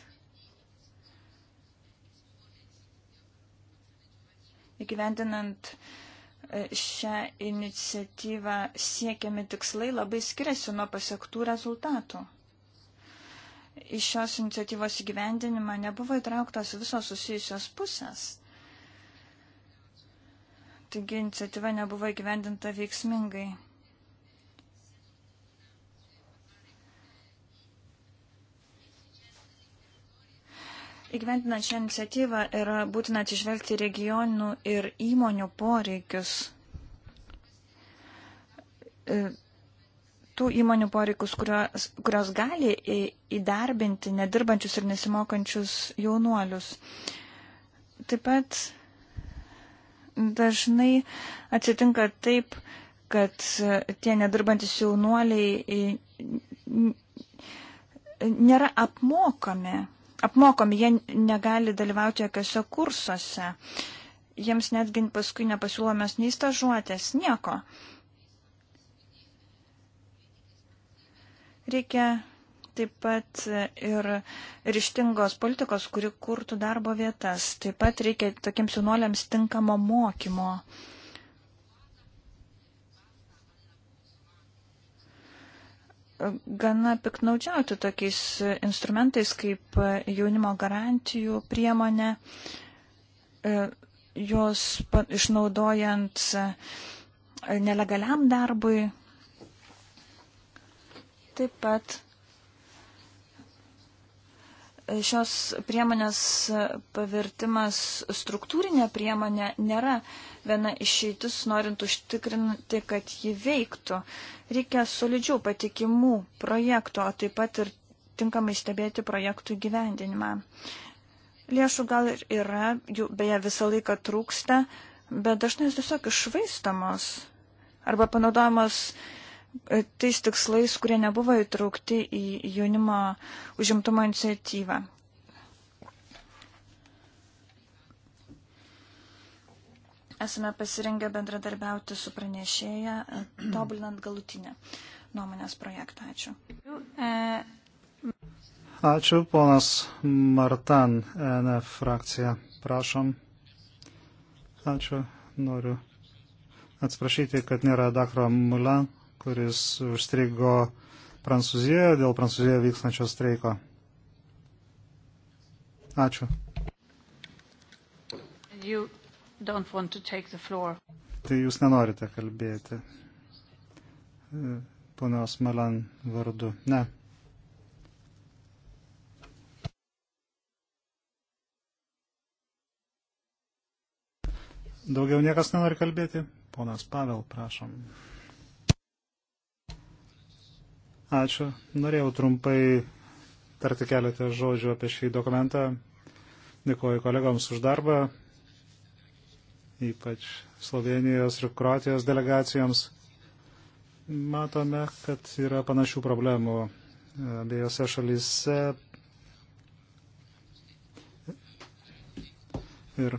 įgyvendinant e, šią iniciatyvą siekiami tikslai labai skiriasi nuo pasiektų rezultatų. Į šios iniciatyvos įgyvendinimą nebuvo įtrauktos visos susijusios pusės. Taigi iniciatyva nebuvo įgyvendinta veiksmingai. Įgyventinant šią iniciatyvą yra būtina atsižvelgti regionų ir įmonių poreikius. E, tų įmonių poreikius, kurios, kurios gali įdarbinti nedirbančius ir nesimokančius jaunuolius. Taip pat dažnai atsitinka taip, kad tie nedirbantis jaunuoliai nėra apmokami apmokomi, jie negali dalyvauti jokiuose kursuose. Jiems netgi paskui nepasiūlomės nei stažuotės, nieko. Reikia taip pat ir ryštingos politikos, kuri kurtų darbo vietas. Taip pat reikia tokiems jaunuoliams tinkamo mokymo. Uh, gana piknaudžiauti tokiais instrumentais kaip jaunimo garantijų priemonė, e, jos išnaudojant e, nelegaliam darbui. Taip pat e, šios priemonės pavirtimas struktūrinė priemonė nėra uh, viena išeitis, norint užtikrinti, kad ji veiktų. Reikia solidžių patikimų projektų, o taip pat ir tinkamai stebėti projektų gyvendinimą. Lėšų gal ir yra, jų beje visą laiką trūksta, bet dažnai jis tiesiog išvaistamos arba panaudojamos e, tais tikslais, kurie nebuvo įtraukti į jaunimo užimtumo iniciatyvą. Esame pasirengę bendradarbiauti su pranešėja, tobulinant galutinę nuomonės projektą. Ačiū. Ačiū, ponas Martan, NF frakcija. Prašom. Ačiū. Noriu atsiprašyti, kad nėra Dakro Mulan, kuris užstrigo Prancūzijoje dėl Prancūzijoje vykstančio streiko. Ačiū. You don't want to take the floor. Tai jūs nenorite kalbėti e, ponios Melan vardu. Ne. Daugiau niekas nenori kalbėti? Ponas Pavel, prašom. Ačiū. Norėjau trumpai tarti keletą žodžių apie šį dokumentą. Dėkuoju kolegoms už darbą ypač Slovenijos ir Kroatijos delegacijoms, matome, kad yra panašių problemų abiejose šalyse. Ir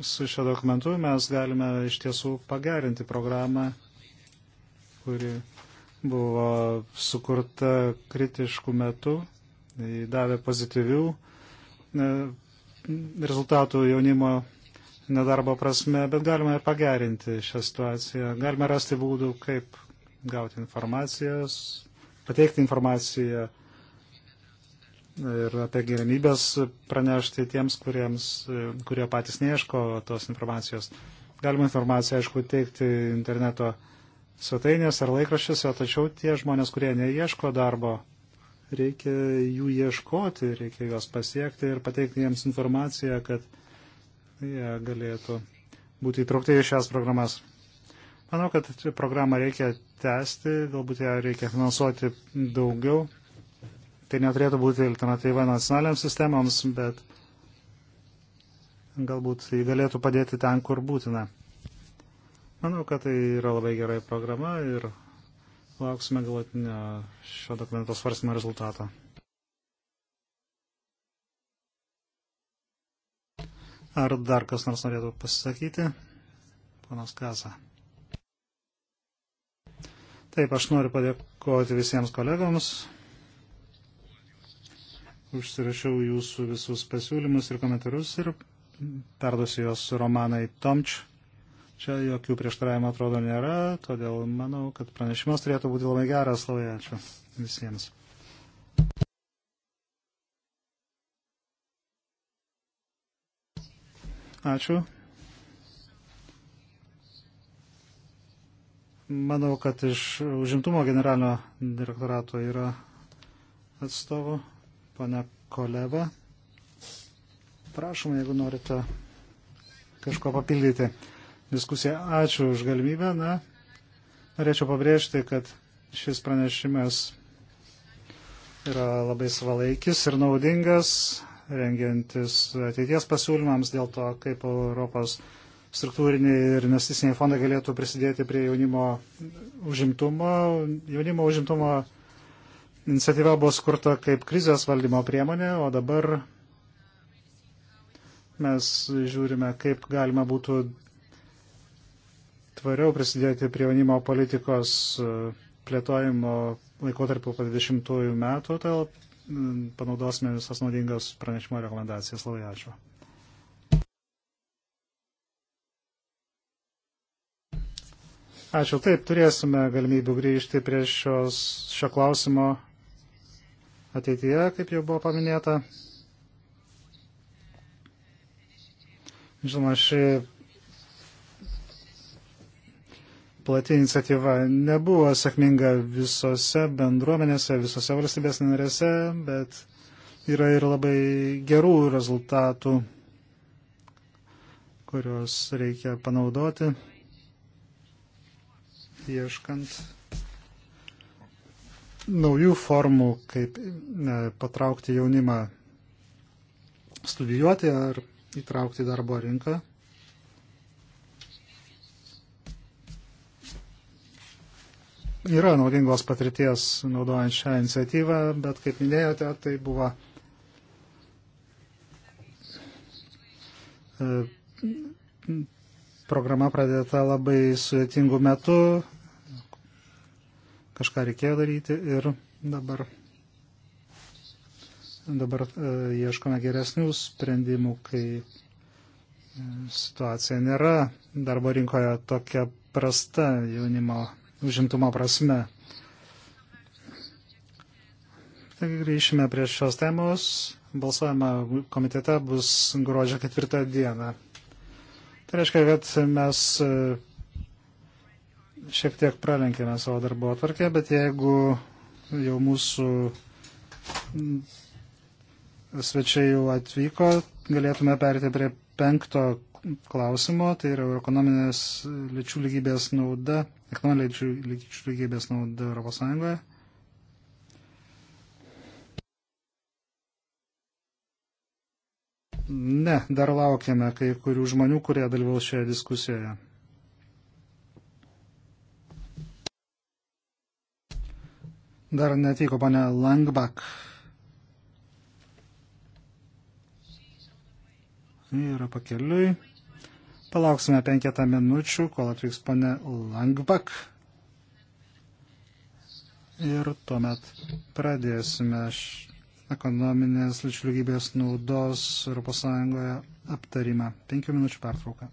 su šio dokumentu mes galime iš tiesų pagerinti programą, kuri buvo sukurta kritiškų metų, davė pozityvių e, rezultatų jaunimo nedarbo prasme, bet galima ir pagerinti šią situaciją. Galima rasti būdų, kaip gauti informacijos, pateikti informaciją ir apie galimybės pranešti tiems, kuriems, kurie patys neieško tos informacijos. Galima informaciją, aišku, teikti interneto svetainės ar laikraščiuose, tačiau tie žmonės, kurie neieško darbo, reikia jų ieškoti, reikia juos pasiekti ir pateikti jiems informaciją, kad jie galėtų būti įtraukti į šias programas. Manau, kad programą reikia tęsti, galbūt ją reikia finansuoti daugiau. Tai neturėtų būti alternatyva nacionaliniams sistemams, bet galbūt jį galėtų padėti ten, kur būtina. Manau, kad tai yra labai gerai programa ir lauksime galutinio šio dokumento svarstymo rezultato. Ar dar kas nors norėtų pasisakyti? Panas Kasa. Taip, aš noriu padėkoti visiems kolegams. Užsirašiau jūsų visus pasiūlymus ir komentarus ir perduosiu juos Romanai Tomč. Čia jokių prieštaravimų atrodo nėra, todėl manau, kad pranešimas turėtų būti labai geras. Labai ačiū visiems. Ačiū. Manau, kad iš užimtumo generalinio direktorato yra atstovų, pane Koleva. Prašom, jeigu norite kažko papildyti diskusiją. Ačiū už galimybę. Na, norėčiau pabrėžti, kad šis pranešimas yra labai svalaikis ir naudingas rengiantis ateities pasiūlymams dėl to, kaip Europos struktūriniai ir investiciniai fondai galėtų prisidėti prie jaunimo užimtumo. Jaunimo užimtumo iniciatyva buvo skurta kaip krizės valdymo priemonė, o dabar mes žiūrime, kaip galima būtų tvariau prisidėti prie jaunimo politikos e, plėtojimo laikotarpiu po 20 metų, tai panaudosime visas naudingas pranešimo rekomendacijas. Labai ačiū. Ačiū. Taip, turėsime galimybių grįžti prie šios, šio klausimo ateityje, kaip jau buvo paminėta. Žinoma, ši plati iniciatyva nebuvo sėkminga visose bendruomenėse, visose valstybės narėse, bet yra ir labai gerų rezultatų, kuriuos reikia panaudoti, ieškant naujų formų, kaip ne, patraukti jaunimą studijuoti ar įtraukti darbo rinką. yra naudingos patirties naudojant šią iniciatyvą, bet kaip minėjote, tai buvo e, programa pradėta labai sudėtingų metų, kažką reikėjo daryti ir dabar, dabar e, ieškome geresnių sprendimų, kai e, situacija nėra darbo rinkoje tokia prasta jaunimo užimtumo prasme. Taigi grįšime prie šios temos. Balsuojama komitete bus gruodžio ketvirtą dieną. Tai reiškia, kad mes e, šiek tiek pralenkėme savo darbo atvarkę, bet jeigu jau mūsų mm, svečiai jau atvyko, galėtume perėti prie penkto klausimo, tai yra ekonominės lyčių lygybės nauda ekonominė lyčių lygybės nauda Europos Sąjungoje. Ne, dar laukiame kai kurių žmonių, kurie dalyvaus šioje diskusijoje. Dar netvyko pane Langbak. Yra pakeliui. Palauksime penketą minučių, kol atvyks pane Langbak. Ir tuomet pradėsime ekonominės lyčių lygybės naudos ES aptarimą. Penkių minučių pertrauką.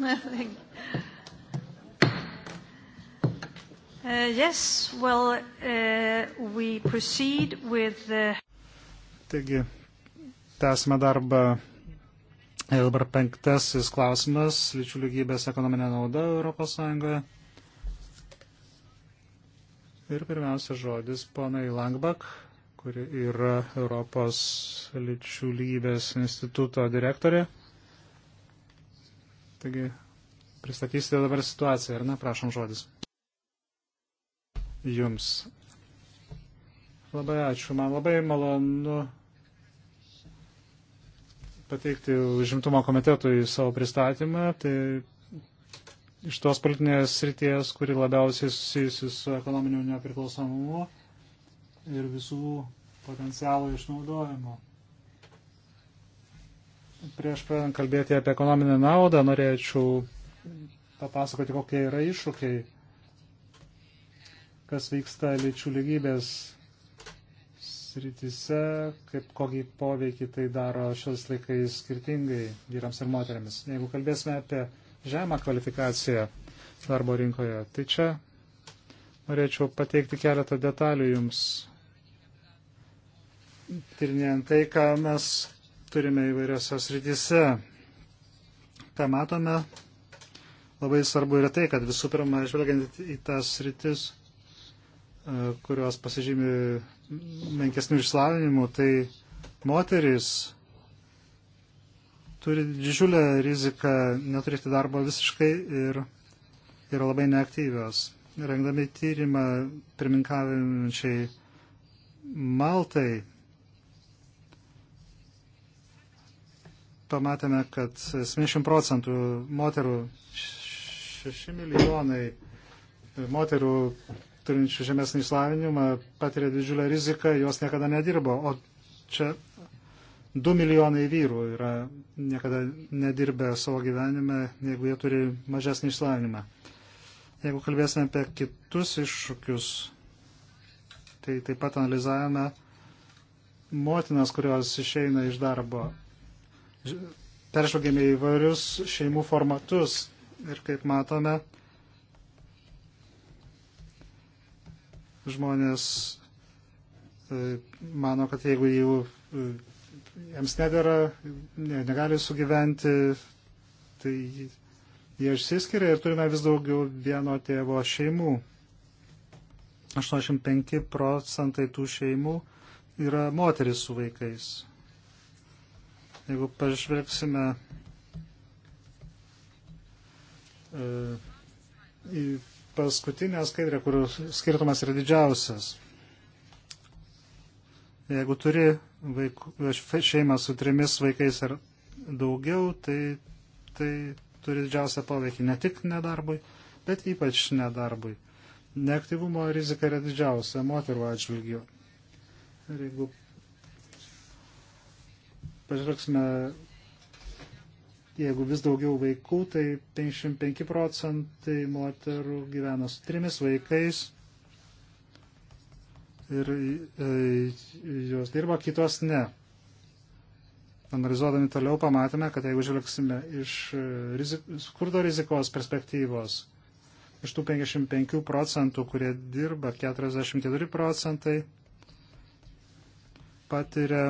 uh, yes, well, uh, we proceed with the... Taigi, tęsime darbą. Ir dabar penktasis klausimas - lyčių lygybės ekonominė nauda ES. Ir pirmiausia žodis ponai Langbak, kuri yra Europos lyčių lygybės instituto direktorė. Taigi, pristatysite dabar situaciją, ar ne? Prašom žodis. Jums. Labai ačiū. Man labai malonu pateikti užimtumo komitetui savo pristatymą. Tai iš tos politinės srities, kuri labiausiai susijusi su ekonominiu nepriklausomumu ir visų potencialų išnaudojimu prieš kalbėti apie ekonominę naudą, norėčiau papasakoti, kokie yra iššūkiai, kas vyksta lyčių lygybės sritise, kaip kokį poveikį tai daro šios laikais skirtingai vyrams ir moteriams. Jeigu kalbėsime apie žemą kvalifikaciją darbo rinkoje, tai čia norėčiau pateikti keletą detalių jums, tirinėjant tai, ką mes turime įvairiose srityse. Ką matome, labai svarbu yra tai, kad visų pirma, žvelgiant į tas sritis, e, kurios pasižymi menkesnių išslavinimų, tai moteris turi didžiulę riziką neturėti darbo visiškai ir yra labai neaktyvios. Rengdami tyrimą pirminkavinčiai Maltai pamatėme, kad 70 procentų moterų, 6 milijonai moterų turinčių žemesnį išslavinimą patiria didžiulę riziką, jos niekada nedirbo. O čia 2 milijonai vyrų yra niekada nedirbę savo gyvenime, jeigu jie turi mažesnį išslavinimą. Jeigu kalbėsime apie kitus iššūkius, tai taip pat analizavome motinas, kurios išeina iš darbo peržvelgėme įvairius šeimų formatus ir kaip matome, žmonės e, mano, kad jeigu jų, e, jiems nedėra, ne, negali sugyventi, tai jie išsiskiria ir turime vis daugiau vieno tėvo šeimų. 85 procentai tų šeimų yra moteris su vaikais. Jeigu pažvelgsime e, į paskutinę skaidrę, kur skirtumas yra didžiausias. Jeigu turi vaikų, šeimą su trimis vaikais ar daugiau, tai, tai turi didžiausią poveikį ne tik nedarbui, bet ypač nedarbui. Neaktyvumo rizika yra didžiausia moterų atžvilgių. Ir jeigu pažvelgsime, jeigu vis daugiau vaikų, tai 55 procentai moterų gyvena su trimis vaikais ir e, jos dirba, kitos ne. Analizuodami toliau pamatėme, kad jeigu žvelgsime iš e, rizik, skurdo rizikos perspektyvos, iš tų 55 procentų, kurie dirba, 44 procentai patiria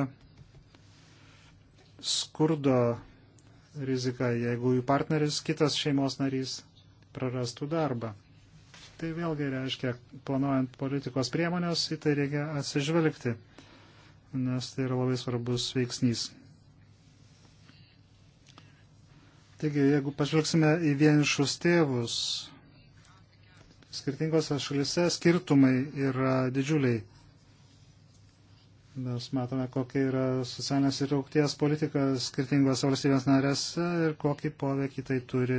skurdo riziką, jeigu jų partneris, kitas šeimos narys prarastų darbą. Tai vėlgi reiškia, planuojant politikos priemonės, į tai reikia atsižvelgti, nes tai yra labai svarbus veiksnys. Taigi, jeigu pažvelgsime į vienišus tėvus, skirtingose šalise skirtumai yra didžiuliai. Mes matome, kokia yra socialinės ir aukties politika skirtingos valstybės narėse ir kokį poveikį tai turi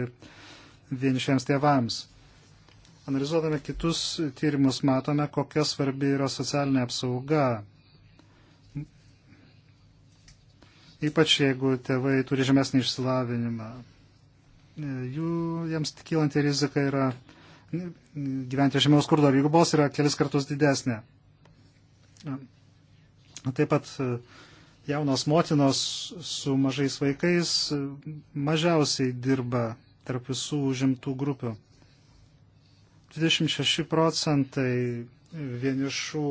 vienišiems tėvams. Analizuodami kitus tyrimus matome, kokia svarbi yra socialinė apsauga ypač jeigu tėvai turi žemesnį išsilavinimą. Jų, jiems kylanti rizika yra gyventi žemiaus skurdo rygubos yra kelis kartus didesnė. Taip pat e, jaunos motinos su mažais vaikais e, mažiausiai dirba tarp visų užimtų grupių. 26 procentai vienišų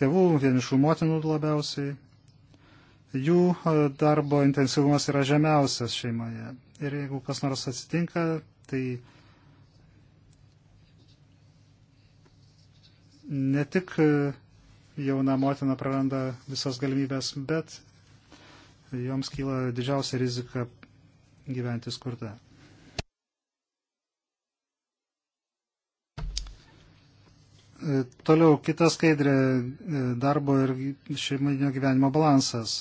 tėvų, vienišų motinų labiausiai. Jų e, darbo intensyvumas yra žemiausias šeimoje. Ir jeigu kas nors atsitinka, tai ne tik jauna motina praranda visas galimybės, bet joms kyla didžiausia rizika gyventi skurde. E, toliau kita skaidrė e, - darbo ir šeiminio gyvenimo balansas.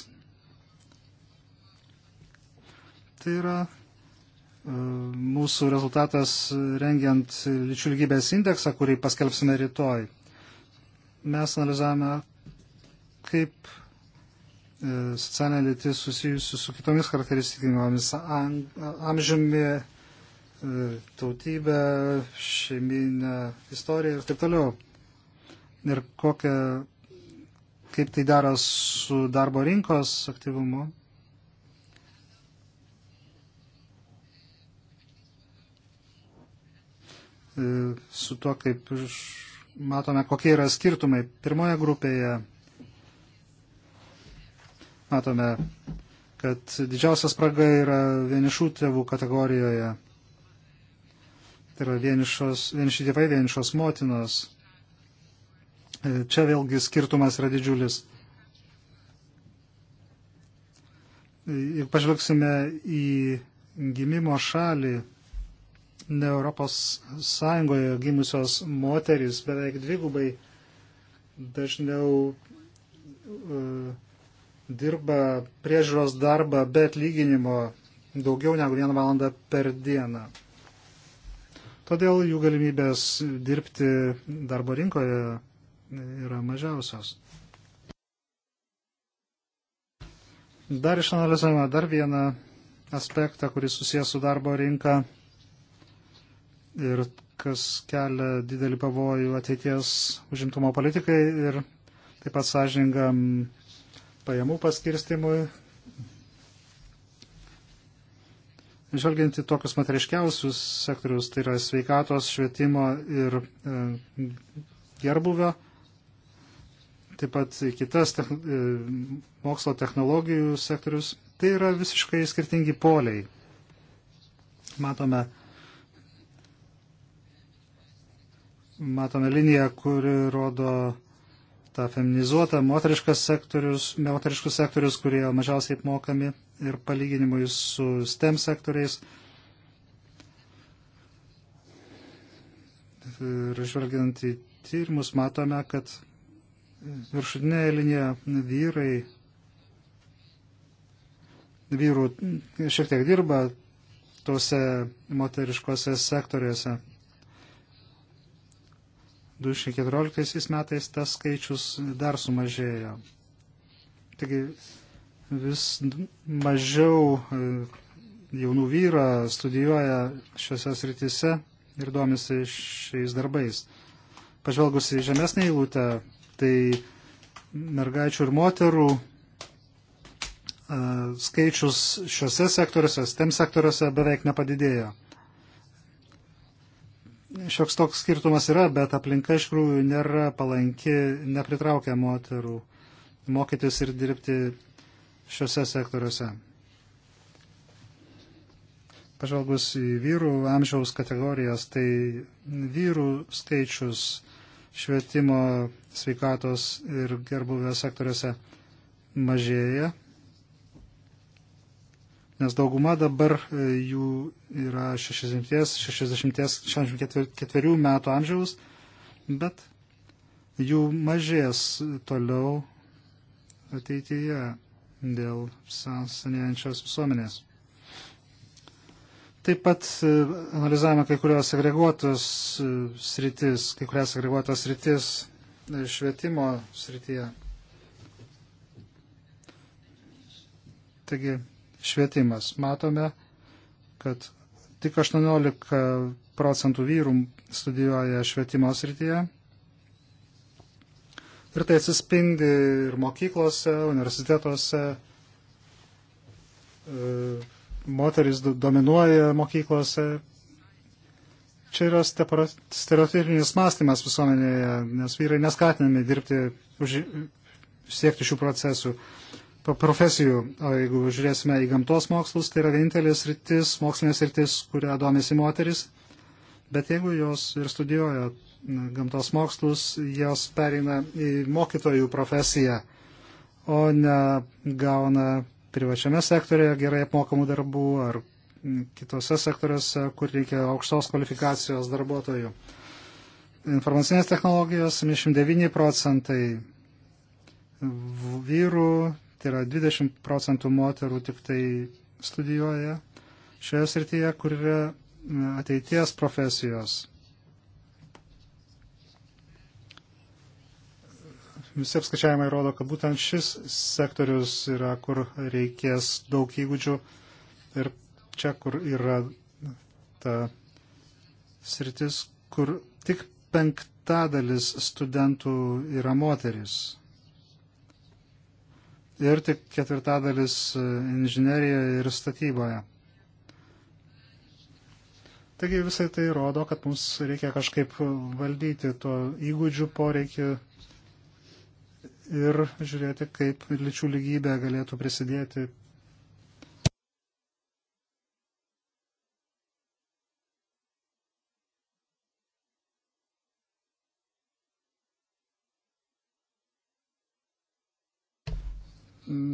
Tai yra e, mūsų rezultatas rengiant lyčių lygybės indeksą, kurį paskelbsime rytoj mes analizavome, kaip e, socialinė lytis susijusi su kitomis charakteristikėmis - amžiumi, e, tautybę, šeiminę istoriją ir taip toliau. Ir kokia, kaip tai daro su darbo rinkos aktyvumu. E, su to, kaip matome, kokie yra skirtumai. Pirmoje grupėje matome, kad didžiausias spraga yra vienišų tėvų kategorijoje. Tai yra vienišos, vieniši tėvai, vienišos motinos. E, čia vėlgi skirtumas yra didžiulis. E, jeigu pažvelgsime į gimimo šalį, ne Europos Sąjungoje gimusios moterys beveik dvigubai dažniau uh, dirba priežiūros darbą be atlyginimo daugiau negu vieną valandą per dieną. Todėl jų galimybės dirbti darbo rinkoje yra mažiausios. Dar išanalizavome dar vieną aspektą, kuris susijęs su darbo rinka ir kas kelia didelį pavojų ateities užimtumo politikai ir taip pat sąžiningam pajamų paskirstimui. Žvelgiant į tokius materiškiausius sektorius, tai yra sveikatos, švietimo ir e, gerbuvio, taip pat kitas te, e, mokslo technologijų sektorius, tai yra visiškai skirtingi poliai. Matome, e, matome liniją, kuri rodo tą feminizuotą moteriškas sektorius, moteriškus sektorius, kurie mažiausiai apmokami ir palyginimui su STEM sektoriais. Ir žvelgiant į tyrimus, matome, kad viršutinėje linijoje vyrai, vyrų šiek tiek dirba tose moteriškose sektoriuose. 2014 metais tas skaičius dar sumažėjo. Taigi vis mažiau e, jaunų vyrą studijuoja šiuose srityse ir domisi šiais darbais. Pažvelgus į žemesnį eilutę, tai mergaičių ir moterų e, skaičius šiuose sektoriuose, STEM sektoriuose beveik nepadidėjo šioks toks skirtumas yra, bet aplinka iš tikrųjų nėra palanki, nepritraukia moterų mokytis ir dirbti šiuose sektoriuose. Pažvelgus į vyrų amžiaus kategorijas, tai vyrų skaičius švietimo, sveikatos ir gerbuvio sektoriuose mažėja nes dauguma dabar e, jų yra 60-64 metų amžiaus, bet jų mažės toliau ateityje dėl senėjančios visuomenės. Taip pat e, analizavome kai kurios agreguotos e, sritis, kai kurias agreguotos sritis švietimo srityje. Taigi, švietimas. Matome, kad tik 18 procentų vyrų studijuoja švietimo srityje. Ir tai atsispindi ir mokyklose, universitetuose. E, moteris dominuoja mokyklose. Čia yra stereotipinis mąstymas visuomenėje, nes vyrai neskatinami dirbti, už, siekti šių procesų profesijų. O jeigu žiūrėsime į gamtos mokslus, tai yra vienintelis rytis, mokslinės rytis, kurią domisi moteris. Bet jeigu jos ir studijuoja gamtos mokslus, jos pereina į mokytojų profesiją, o ne gauna privačiame sektorėje gerai apmokamų darbų ar kitose sektoriuose, kur reikia aukštos kvalifikacijos darbuotojų. Informacinės technologijos 79 procentai vyrų, Tai yra 20 procentų moterų tik tai studijuoja šioje srityje, kur yra e, ateities profesijos. Visi apskaičiavimai rodo, kad būtent šis sektorius yra, kur reikės daug įgūdžių ir čia, kur yra ta sritis, kur tik penktadalis studentų yra moteris ir tik ketvirtadalis e, inžinerijoje ir statyboje. Taigi visai tai rodo, kad mums reikia kažkaip valdyti to įgūdžių poreikį ir žiūrėti, kaip lyčių lygybė galėtų prisidėti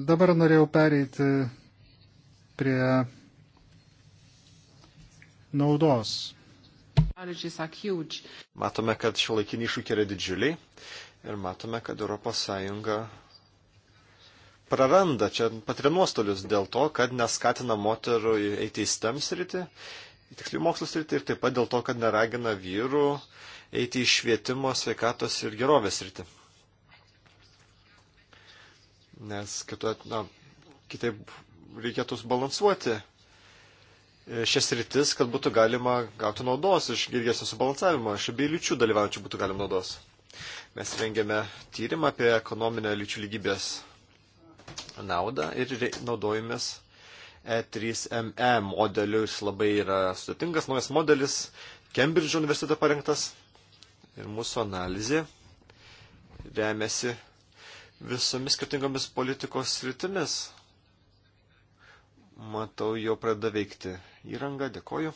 Dabar norėjau pereiti prie naudos. Matome, kad šio laikiniai iššūkiai yra didžiuliai ir matome, kad ES praranda, čia patiria nuostolius dėl to, kad neskatina moterų eiti į STEM sritį, į tikslių mokslų sritį ir taip pat dėl to, kad neragina vyrų eiti į švietimo, sveikatos ir gerovės sritį nes kitaip, na, kitaip reikėtų subalansuoti e, šias rytis, kad būtų galima gauti naudos iš ilgesnio subalansavimo, iš abiejų lyčių dalyvaujančių būtų galima naudos. Mes rengėme tyrimą apie ekonominę lyčių lygybės naudą ir naudojomės E3ME modeliu. Jis labai yra sudėtingas, naujas modelis, Kembridžo universiteto parengtas. Ir mūsų analizė remiasi visomis skirtingomis politikos sritimis. Matau, jau pradeda veikti įranga, dėkoju.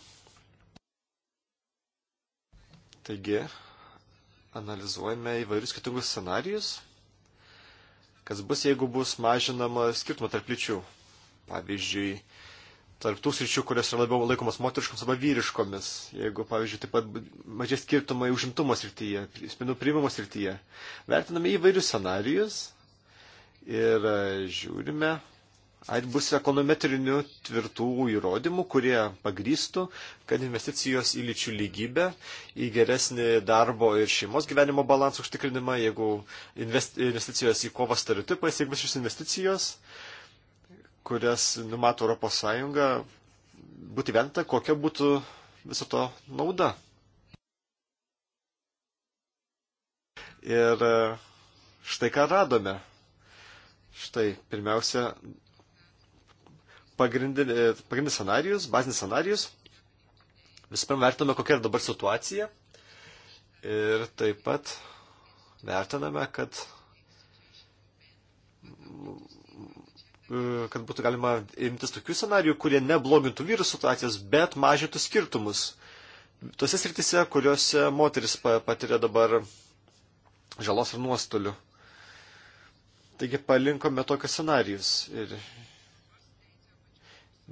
Taigi, analizuojame įvairius skirtingus scenarius, kas bus, jeigu bus mažinama skirtumo tarp lyčių. Pavyzdžiui, tarp tų sričių, kurios yra labiau laikomas moteriškoms arba vyriškomis. Jeigu, pavyzdžiui, taip pat mažės skirtumai užimtumo srityje, sprendimų priimimo srityje. Vertiname įvairius scenarius ir e, žiūrime, ar bus ekonometrinių tvirtų įrodymų, kurie pagrįstų, kad investicijos į lyčių lygybę, į geresnį darbo ir šeimos gyvenimo balansų užtikrinimą, jeigu investicijos į kovą stereotipais, jeigu šis investicijos, kurias numato ES, būtų venta, kokia būtų viso to nauda. Ir e, štai ką radome. Štai, pirmiausia, pagrindinis scenarius, bazinis scenarius. Visų pirma, vertiname, kokia yra dabar situacija. Ir taip pat vertiname, kad, kad būtų galima imtis tokių scenarių, kurie neblogintų vyrų situacijos, bet mažintų skirtumus. Tose sritise, kuriuose moteris patiria dabar žalos ir nuostolių. Taigi palinkome tokius scenarius. Ir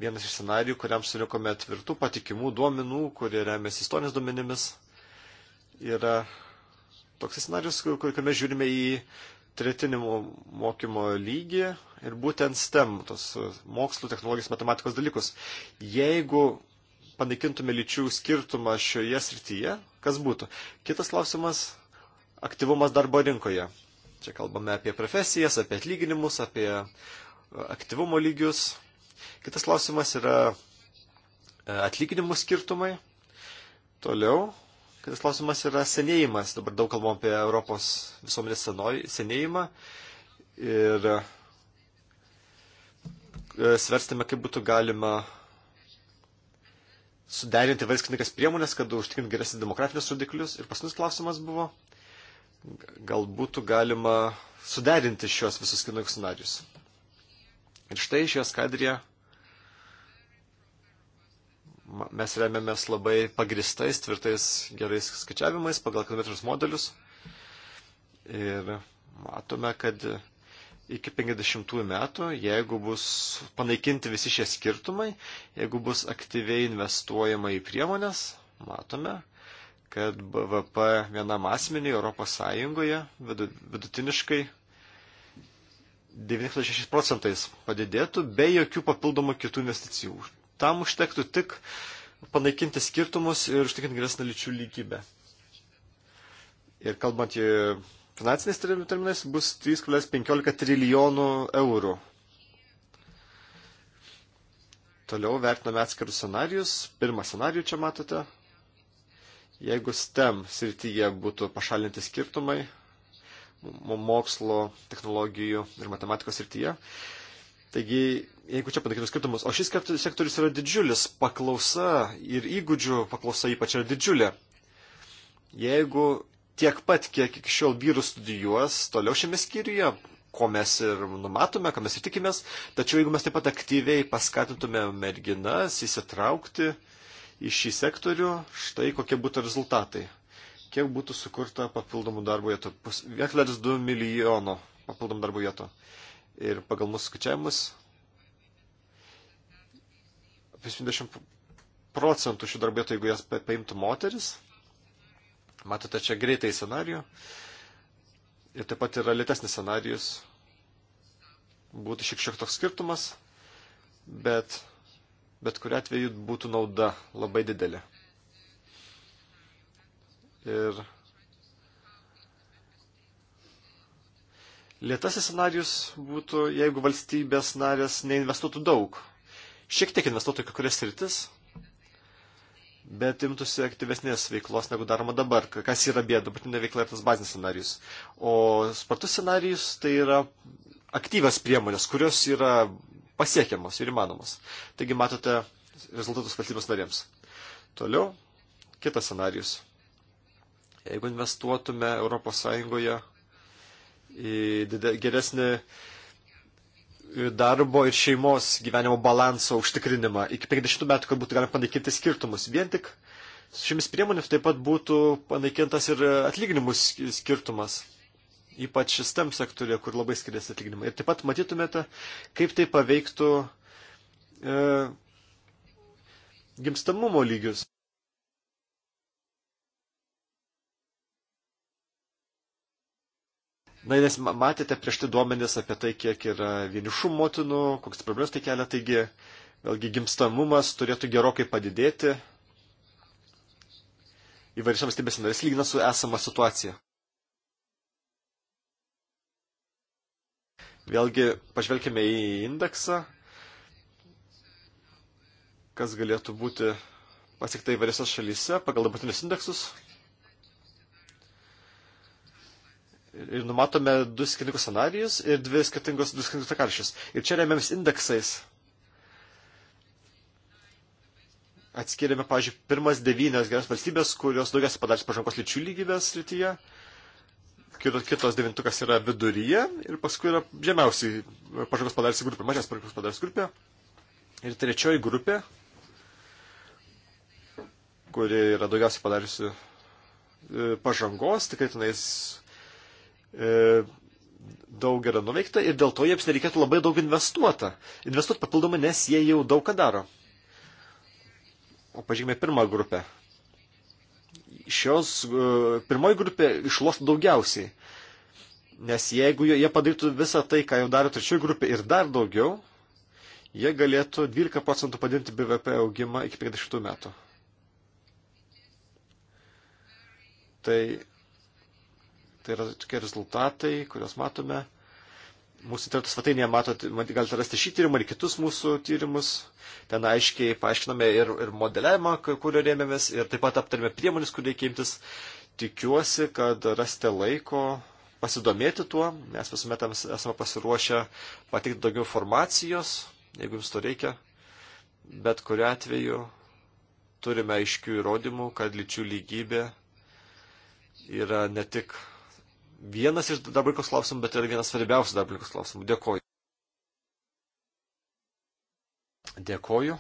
vienas iš scenarijų, kuriam surinkome tvirtų patikimų duomenų, kurie remiasi istorinės duomenimis, yra toks scenarius, kuriame žiūrime į tretinimo mokymo lygį ir būtent STEM, tos mokslų, technologijos, matematikos dalykus. Jeigu panaikintume lyčių skirtumą šioje srityje, kas būtų? Kitas klausimas - aktyvumas darbo rinkoje. Čia kalbame apie profesijas, apie atlyginimus, apie e, aktyvumo lygius. Kitas klausimas yra e, atlyginimų skirtumai. Toliau, kitas klausimas yra senėjimas. Dabar daug kalbam apie Europos visuomenės senėjimą. Ir e, svarstėme, kaip būtų galima suderinti valskininkas priemonės, kad užtikrinti geresnį demokratinius rodiklius. Ir paskutinis klausimas buvo, gal būtų galima suderinti šios visus kinokius scenarius. Ir štai šioje skadrėje mes remiamės labai pagristais, tvirtais, gerais skaičiavimais pagal kilometrus modelius. Ir matome, kad iki 50 metų, jeigu bus panaikinti visi šie skirtumai, jeigu bus aktyviai investuojama į priemonės, matome, kad BVP vienam asmeniui Europos Sąjungoje vidutiniškai 96 procentais padidėtų be jokių papildomų kitų investicijų. Tam užtektų tik panaikinti skirtumus ir užtikrinti geresnę lyčių lygybę. Ir kalbant į finansiniais terminais, bus 3,15 trilijonų eurų. Toliau vertiname atskirus scenarius. Pirmą scenarių čia matote Jeigu STEM srityje būtų pašalinti skirtumai mokslo, technologijų ir matematikos srityje, taigi jeigu čia padarytų skirtumus, o šis sektorius yra didžiulis, paklausa ir įgūdžių paklausa ypač yra didžiulė. Jeigu tiek pat, kiek iki šiol vyrų studijuos toliau šiame skyriuje, ko mes ir numatome, ko mes ir tikimės, tačiau jeigu mes taip pat aktyviai paskatintume merginas įsitraukti, į šį sektorių, štai kokie būtų rezultatai. Kiek būtų sukurta papildomų darbo vietų? 1,2 milijono papildomų darbo vietų. Ir pagal mūsų skaičiavimus apie 70 procentų šių darbo vietų, jeigu jas paimtų moteris, matote čia greitai scenarijų. Ir taip pat yra lėtesnis scenarijus. Būtų šiek tiek toks skirtumas, bet bet kuriu atveju būtų nauda labai didelė. Ir Lietasis scenarius būtų, jeigu valstybės narės neinvestuotų daug. Šiek tiek investuotų į kokias rytis, bet imtųsi aktyvesnės veiklos negu daroma dabar, kas yra bėda, dabartinė veikla yra tas bazinis scenarius. O spartus scenarius tai yra aktyvas priemonės, kurios yra pasiekiamos ir įmanomos. Taigi matote rezultatus valstybės narėms. Toliau, kitas scenarius. Jeigu investuotume ES į geresnį darbo ir šeimos gyvenimo balanso užtikrinimą iki 50 metų, kad būtų galima panaikinti skirtumus. Vien tik šiomis priemonėmis taip pat būtų panaikintas ir atlyginimus skirtumas ypač STEM sektorė, kur labai skiriasi atlyginimai. Ir taip pat matytumėte, kaip tai paveiktų e, gimstamumo lygius. Na, nes matėte prieš tai duomenis apie tai, kiek yra vienišų motinų, koks problemas tai kelia, taigi vėlgi gimstamumas turėtų gerokai padidėti įvairiose valstybės narės lyginant su esama situacija. Vėlgi, pažvelkime į indeksą, kas galėtų būti pasiekta įvairiose šalyse pagal dabartinius indeksus. Ir numatome du skirtingus scenarijus ir dvi skirtingus, du skirtingus takaršius. Ir čia remiamės indeksais. Atskiriame, pavyzdžiui, pirmas devynios geras valstybės, kurios daugiausia padarė pažangos lyčių lygybės rytyje kitos, kitos devintukas yra viduryje ir paskui yra žemiausiai pažangos padariusi grupė, mažiausias pažangos padariusi grupė. Ir trečioji grupė, kuri yra daugiausiai padariusi e, pažangos, tikrai tenais e, daug yra nuveikta ir dėl to jiems nereikėtų labai daug investuota. Investuoti papildomai, nes jie jau daug ką daro. O pažiūrėkime pirmą grupę šios e, pirmoji grupė išloštų daugiausiai. Nes jeigu jie padarytų visą tai, ką jau daro trečioji grupė ir dar daugiau, jie galėtų 12 procentų padinti BVP augimą iki 50 metų. Tai, tai yra tokie rezultatai, kuriuos matome mūsų interneto svetainėje matote, galite rasti šį tyrimą ir kitus mūsų tyrimus. Ten aiškiai paaiškiname ir, ir modeliavimą, kurio rėmėmės, ir taip pat aptarėme priemonės, kur reikia imtis. Tikiuosi, kad rasite laiko pasidomėti tuo, nes visuomet esame pasiruošę pateikti daugiau informacijos, jeigu jums to reikia. Bet kuriu atveju turime aiškių įrodymų, kad lyčių lygybė yra ne tik vienas iš darblikos klausimų, bet tai yra vienas svarbiausių darblikos klausimų. Dėkoju. Dėkoju.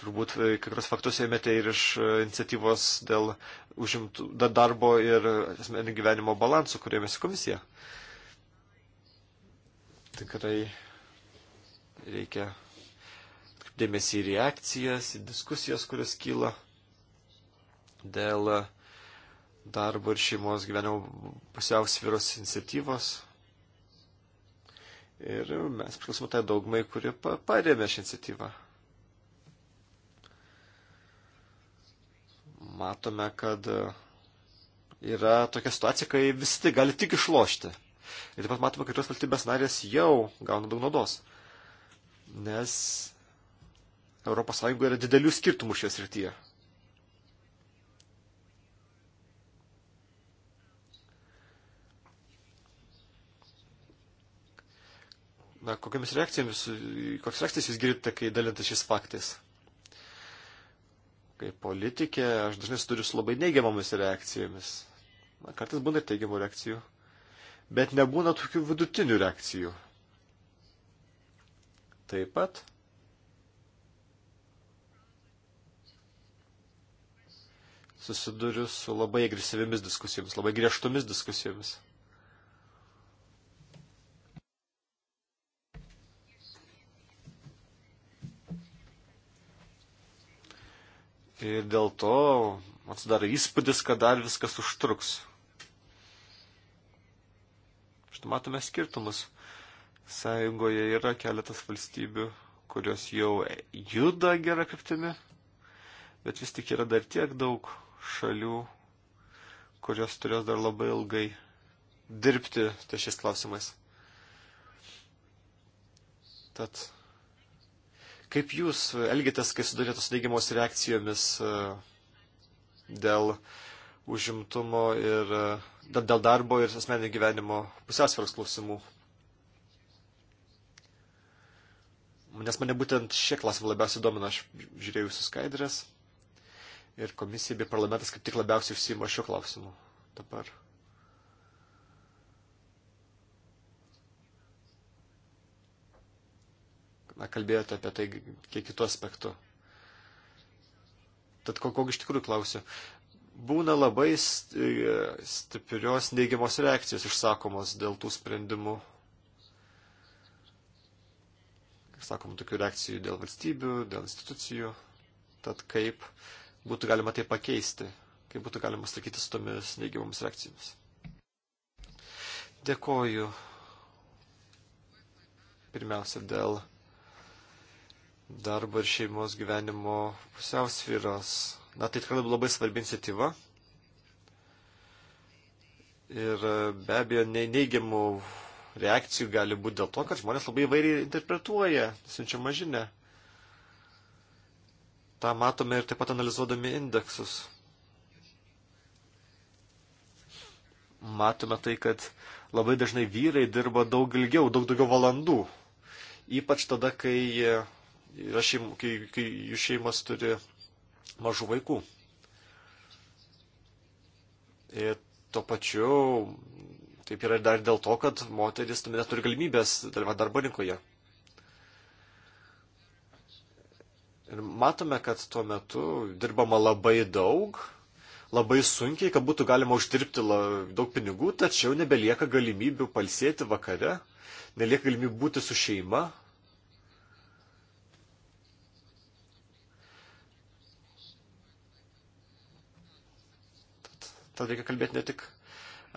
Turbūt e, kai kurios faktus ėmėte ir iš e, iniciatyvos dėl užimtų darbo ir asmeninio gyvenimo balansų, kurie mes komisija. Tikrai reikia dėmesį į reakcijas, į diskusijas, kurios kyla dėl darbo ir šeimos gyvenimo pusiausvyros iniciatyvos. Ir mes priklausome tai daugumai, kuri parėmė šią iniciatyvą. Matome, kad yra tokia situacija, kai visi tai gali tik išlošti. Ir taip pat matome, kad tos valstybės narės jau gauna daug naudos. Nes ES yra didelių skirtumų šioje srityje. Na, kokiamis reakcijomis, kokias reakcijas jūs girdite, kai dalintas šis faktais? Kaip politikė, aš dažnai susiduriu su labai neigiamomis reakcijomis. Na, kartais būna ir teigiamų reakcijų, bet nebūna tokių vidutinių reakcijų. Taip pat. Susiduriu su labai agresyvimis diskusijomis, labai griežtomis diskusijomis. Ir dėl to atsidaro įspūdis, kad dar viskas užtruks. Štai matome skirtumus. Sąjungoje yra keletas valstybių, kurios jau juda gerą kryptimį, bet vis tik yra dar tiek daug šalių, kurios turės dar labai ilgai dirbti ties šiais klausimais. Tad Kaip jūs elgitės, kai sudarėtos neigiamos reakcijomis e, dėl užimtumo ir e, dėl darbo ir asmeninio gyvenimo pusiausvėros klausimų? Nes mane būtent šie klausimai labiausiai domina, aš žiūrėjau jūsų skaidrės ir komisija bei parlamentas kaip tik labiausiai užsima šiuo klausimu dabar. na, kalbėjote apie tai kiek kitų aspektų. Tad ko, ko iš tikrųjų klausiu. Būna labai e, stiprios neigiamos reakcijos išsakomos dėl tų sprendimų. Sakom, tokių reakcijų dėl valstybių, dėl institucijų. Tad kaip būtų galima tai pakeisti, kaip būtų galima sakyti su tomis neigiamomis reakcijomis. Dėkoju pirmiausia dėl darbo ir šeimos gyvenimo pusiausvyros. Na, tai tikrai labai svarbi iniciatyva. Ir e, be abejo, neigiamų reakcijų gali būti dėl to, kad žmonės labai įvairiai interpretuoja siunčiamą žinę. Ta matome ir taip pat analizuodami indeksus. Matome tai, kad labai dažnai vyrai dirba daug ilgiau, daug daugiau valandų. Ypač tada, kai e, yra šeim, kai, kai jų šeimas turi mažų vaikų. Ir tuo pačiu taip yra dar dėl to, kad moteris tuomet neturi galimybės dalyvauti darbo rinkoje. Ir matome, kad tuo metu dirbama labai daug, labai sunkiai, kad būtų galima uždirbti daug pinigų, tačiau nebelieka galimybių palsėti vakare, nelieka galimybių būti su šeima, Tad reikia kalbėti ne tik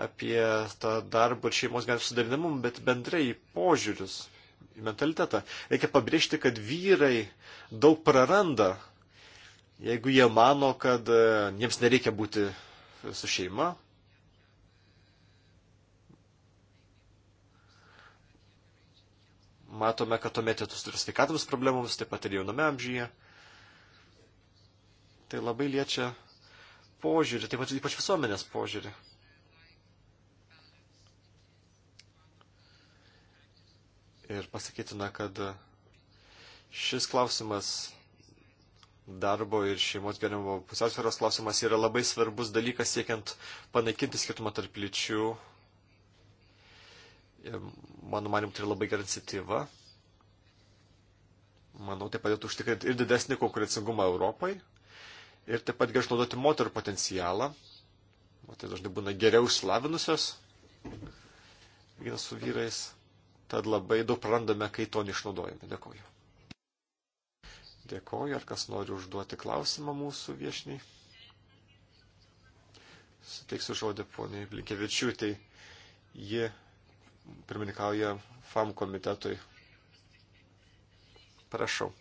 apie tą darbą ir šeimos gyvenimo sudarinamumą, bet bendrai požiūrius į mentalitetą. Reikia pabrėžti, kad vyrai daug praranda, jeigu jie mano, kad e, jiems nereikia būti su šeima. Matome, kad tuomet jie turi sveikatoms problemams, taip pat ir jauname amžyje. Tai labai liečia požiūrį, taip pat ypač visuomenės požiūrį. Ir pasakytina, kad šis klausimas darbo ir šeimos gerinimo pusiausvėros klausimas yra labai svarbus dalykas siekiant panaikinti skirtumą tarp lyčių. Ir mano manim, tai yra labai gera iniciatyva. Manau, tai padėtų užtikrinti ir didesnį konkurencingumą Europai, ir taip pat geriau išnaudoti moterų potencialą. Moteris dažnai būna geriau išslavinusios, lyginant su vyrais. Tad labai daug prarandame, kai to neišnaudojame. Dėkoju. Dėkoju, ar kas nori užduoti klausimą mūsų viešniai. Suteiksiu žodį poniai Blinkevičiūtai. Ji pirmininkauja FAM komitetui. Prašau.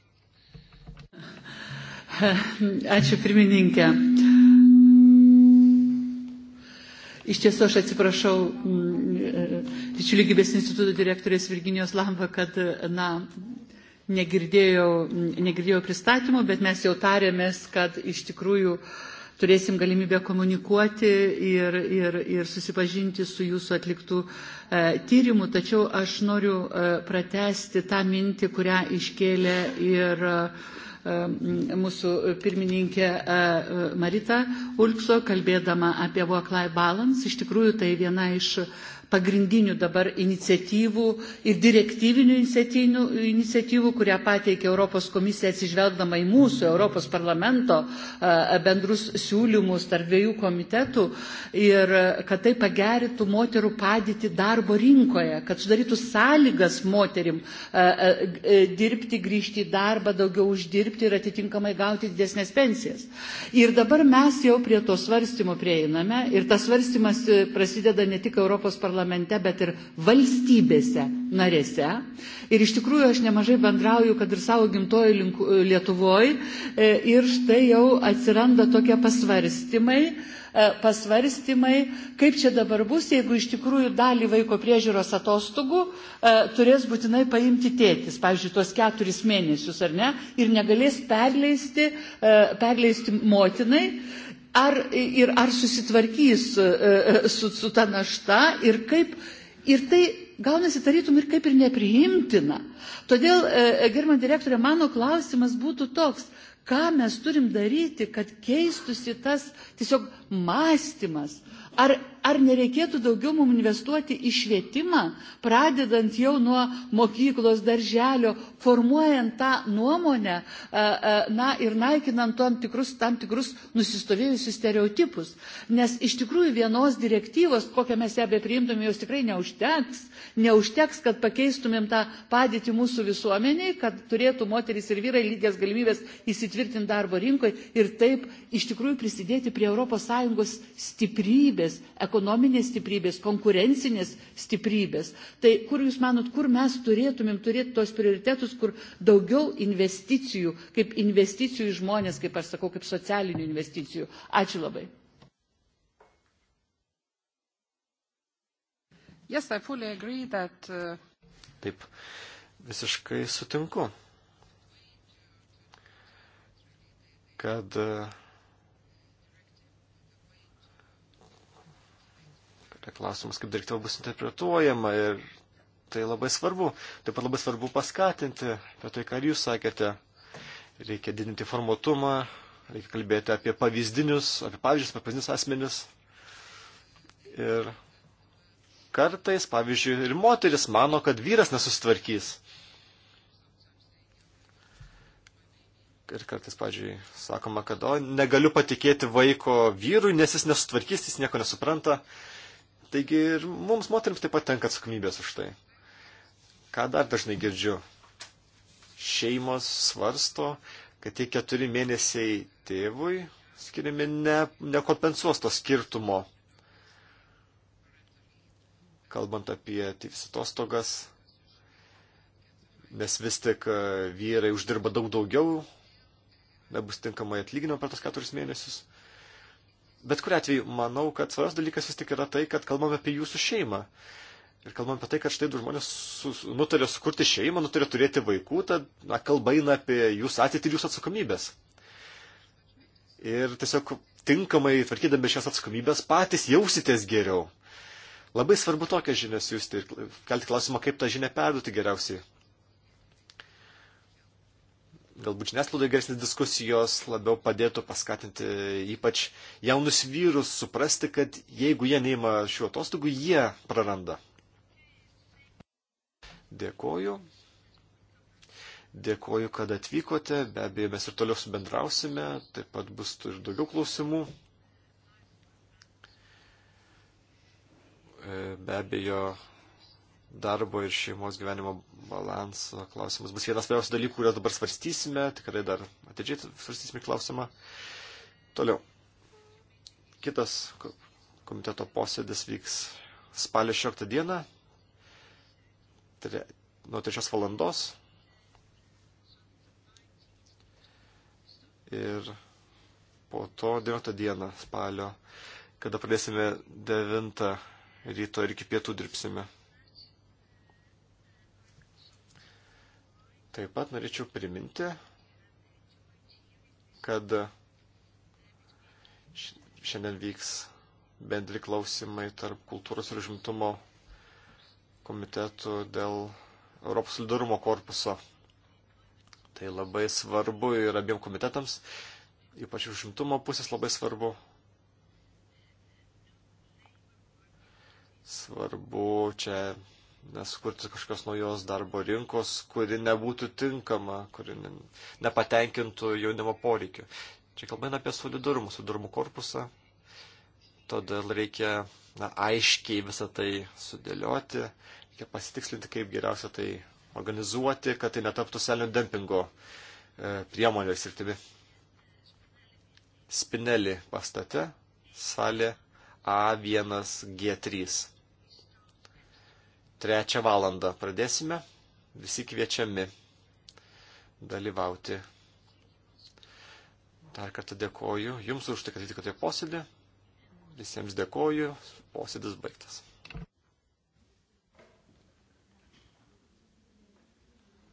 Ačiū pirmininkė. Iš tiesų aš atsiprašau mm, e, Lyčių lygybės instituto direktorės Virginijos Lamba, kad na, negirdėjau, negirdėjau pristatymo, bet mes jau tarėmės, kad iš tikrųjų turėsim galimybę komunikuoti ir, ir, ir susipažinti su jūsų atliktų e, tyrimų. Tačiau aš noriu e, pratesti tą mintį, kurią iškėlė ir e, E, mūsų pirmininkė e, Marita Ulkso, kalbėdama apie work-life balance. Iš tikrųjų, tai viena iš pagrindinių dabar iniciatyvų ir direktyvinių iniciatyvų, kurią pateikė Europos komisija atsižvelgdama į mūsų Europos parlamento bendrus siūlymus tarp dviejų komitetų ir kad tai pagerintų moterų padėtį darbo rinkoje, kad sudarytų sąlygas moterim dirbti, grįžti į darbą, daugiau uždirbti ir atitinkamai gauti didesnės pensijas. Ir dabar mes jau prie to svarstymo prieiname ir tas svarstymas prasideda ne tik Europos parlamente, parlamente, bet ir valstybėse narėse. Ir iš tikrųjų aš nemažai bendrauju, kad ir savo gimtojo Lietuvoje. Ir štai jau atsiranda tokie pasvarstymai e, pasvarstymai, kaip čia dabar bus, jeigu iš tikrųjų dalį vaiko priežiūros atostogų e, turės būtinai paimti tėtis, pavyzdžiui, tuos keturis mėnesius ar ne, ir negalės perleisti, e, perleisti motinai ar, ir ar susitvarkys e, e, su, su ta našta ir kaip. Ir tai gaunasi tarytum ir kaip ir nepriimtina. Todėl, e, gerbama direktorė, mano klausimas būtų toks, ką mes turim daryti, kad keistusi tas tiesiog mąstymas. Ar ar nereikėtų daugiau mums investuoti į švietimą, pradedant jau nuo mokyklos darželio, formuojant tą nuomonę na, ir naikinant tam tikrus, tam tikrus nusistovėjusius stereotipus. Nes iš tikrųjų vienos direktyvos, kokią mes ją bepriimtume, jos tikrai neužteks. Neužteks, kad pakeistumėm tą padėtį mūsų visuomeniai, kad turėtų moteris ir vyrai lygias galimybės įsitvirtinti darbo rinkoje ir taip iš tikrųjų prisidėti prie ES stiprybės, ekonominės stiprybės, konkurencinės stiprybės. Tai kur jūs manot, kur mes turėtumėm turėti tos prioritetus, kur daugiau investicijų, kaip investicijų į žmonės, kaip aš sakau, kaip socialinių investicijų. Ačiū labai. Yes, I fully agree that. Uh... Taip, visiškai sutinku, kad uh, yra klausimas, kaip direktyva bus interpretuojama ir tai labai svarbu. Taip pat labai svarbu paskatinti apie tai, ką ir jūs sakėte. Reikia didinti formatumą, reikia kalbėti apie pavyzdinius, apie pavyzdžius, apie pavyzdinius asmenis. Ir kartais, pavyzdžiui, ir moteris mano, kad vyras nesustvarkys. ir kartais, pažiūrėjau, sakoma, kad o, negaliu patikėti vaiko vyrui, nes jis nesutvarkys, jis nieko nesupranta. Taigi ir mums moteriams taip pat tenka atsakomybės už tai. Ką dar dažnai girdžiu? Šeimos svarsto, kad tie keturi mėnesiai tėvui skiriami ne, nekompensuos to skirtumo. Kalbant apie tėvus atostogas, nes vis tik e, vyrai uždirba daug daugiau, nebus tinkamai atlyginama per tos keturis mėnesius. Bet kuriu atveju, manau, kad svarbus dalykas vis tik yra tai, kad kalbame apie jūsų šeimą. Ir kalbam apie tai, kad štai du žmonės su, nutarė sukurti šeimą, nutarė turėti vaikų, tad na, kalba eina apie jūsų ateitį ir jūsų atsakomybės. Ir tiesiog tinkamai tvarkydami šias atsakomybės patys jausitės geriau. Labai svarbu tokias žinias jūsti ir kelti klausimą, kaip tą žinią perduoti geriausiai galbūt žiniasklaidai geresnės diskusijos labiau padėtų paskatinti ypač jaunus vyrus suprasti, kad jeigu jie neima šių atostogų, jie praranda. Dėkoju. Dėkoju, kad atvykote. Be abejo, mes ir toliau subendrausime. Taip pat bus ir daugiau klausimų. E, be abejo, darbo ir šeimos gyvenimo balanso klausimas bus vienas svarbiausių dalykų, kuriuos dabar svarstysime, tikrai dar atidžiai svarstysime klausimą. Toliau. Kitas komiteto posėdis vyks spalio 16 dieną tre, nuo 3 valandos. Ir po to 9 dieną spalio, kada pradėsime 9 ryto ir iki pietų dirbsime. Taip pat norėčiau priminti, kad šiandien vyks bendri klausimai tarp kultūros ir žimtumo komitetų dėl Europos solidarumo korpuso. Tai labai svarbu ir abiem komitetams, ypač užimtumo pusės labai svarbu. Svarbu čia nesukurti kažkokios naujos darbo rinkos, kuri nebūtų tinkama, kuri nepatenkintų jaunimo poreikių. Čia kalbame apie solidarumą, solidarumo korpusą. Todėl reikia na, aiškiai visą tai sudėlioti, reikia pasitikslinti, kaip geriausia tai organizuoti, kad tai netaptų selinio dempingo e, priemonės ir tibi. Spinelį pastate, salė A1G3 trečią valandą pradėsime. Visi kviečiami dalyvauti. Dar kartą dėkoju Jums už tai, kad atvykote į posėdį. Visiems dėkoju. Posėdis baigtas.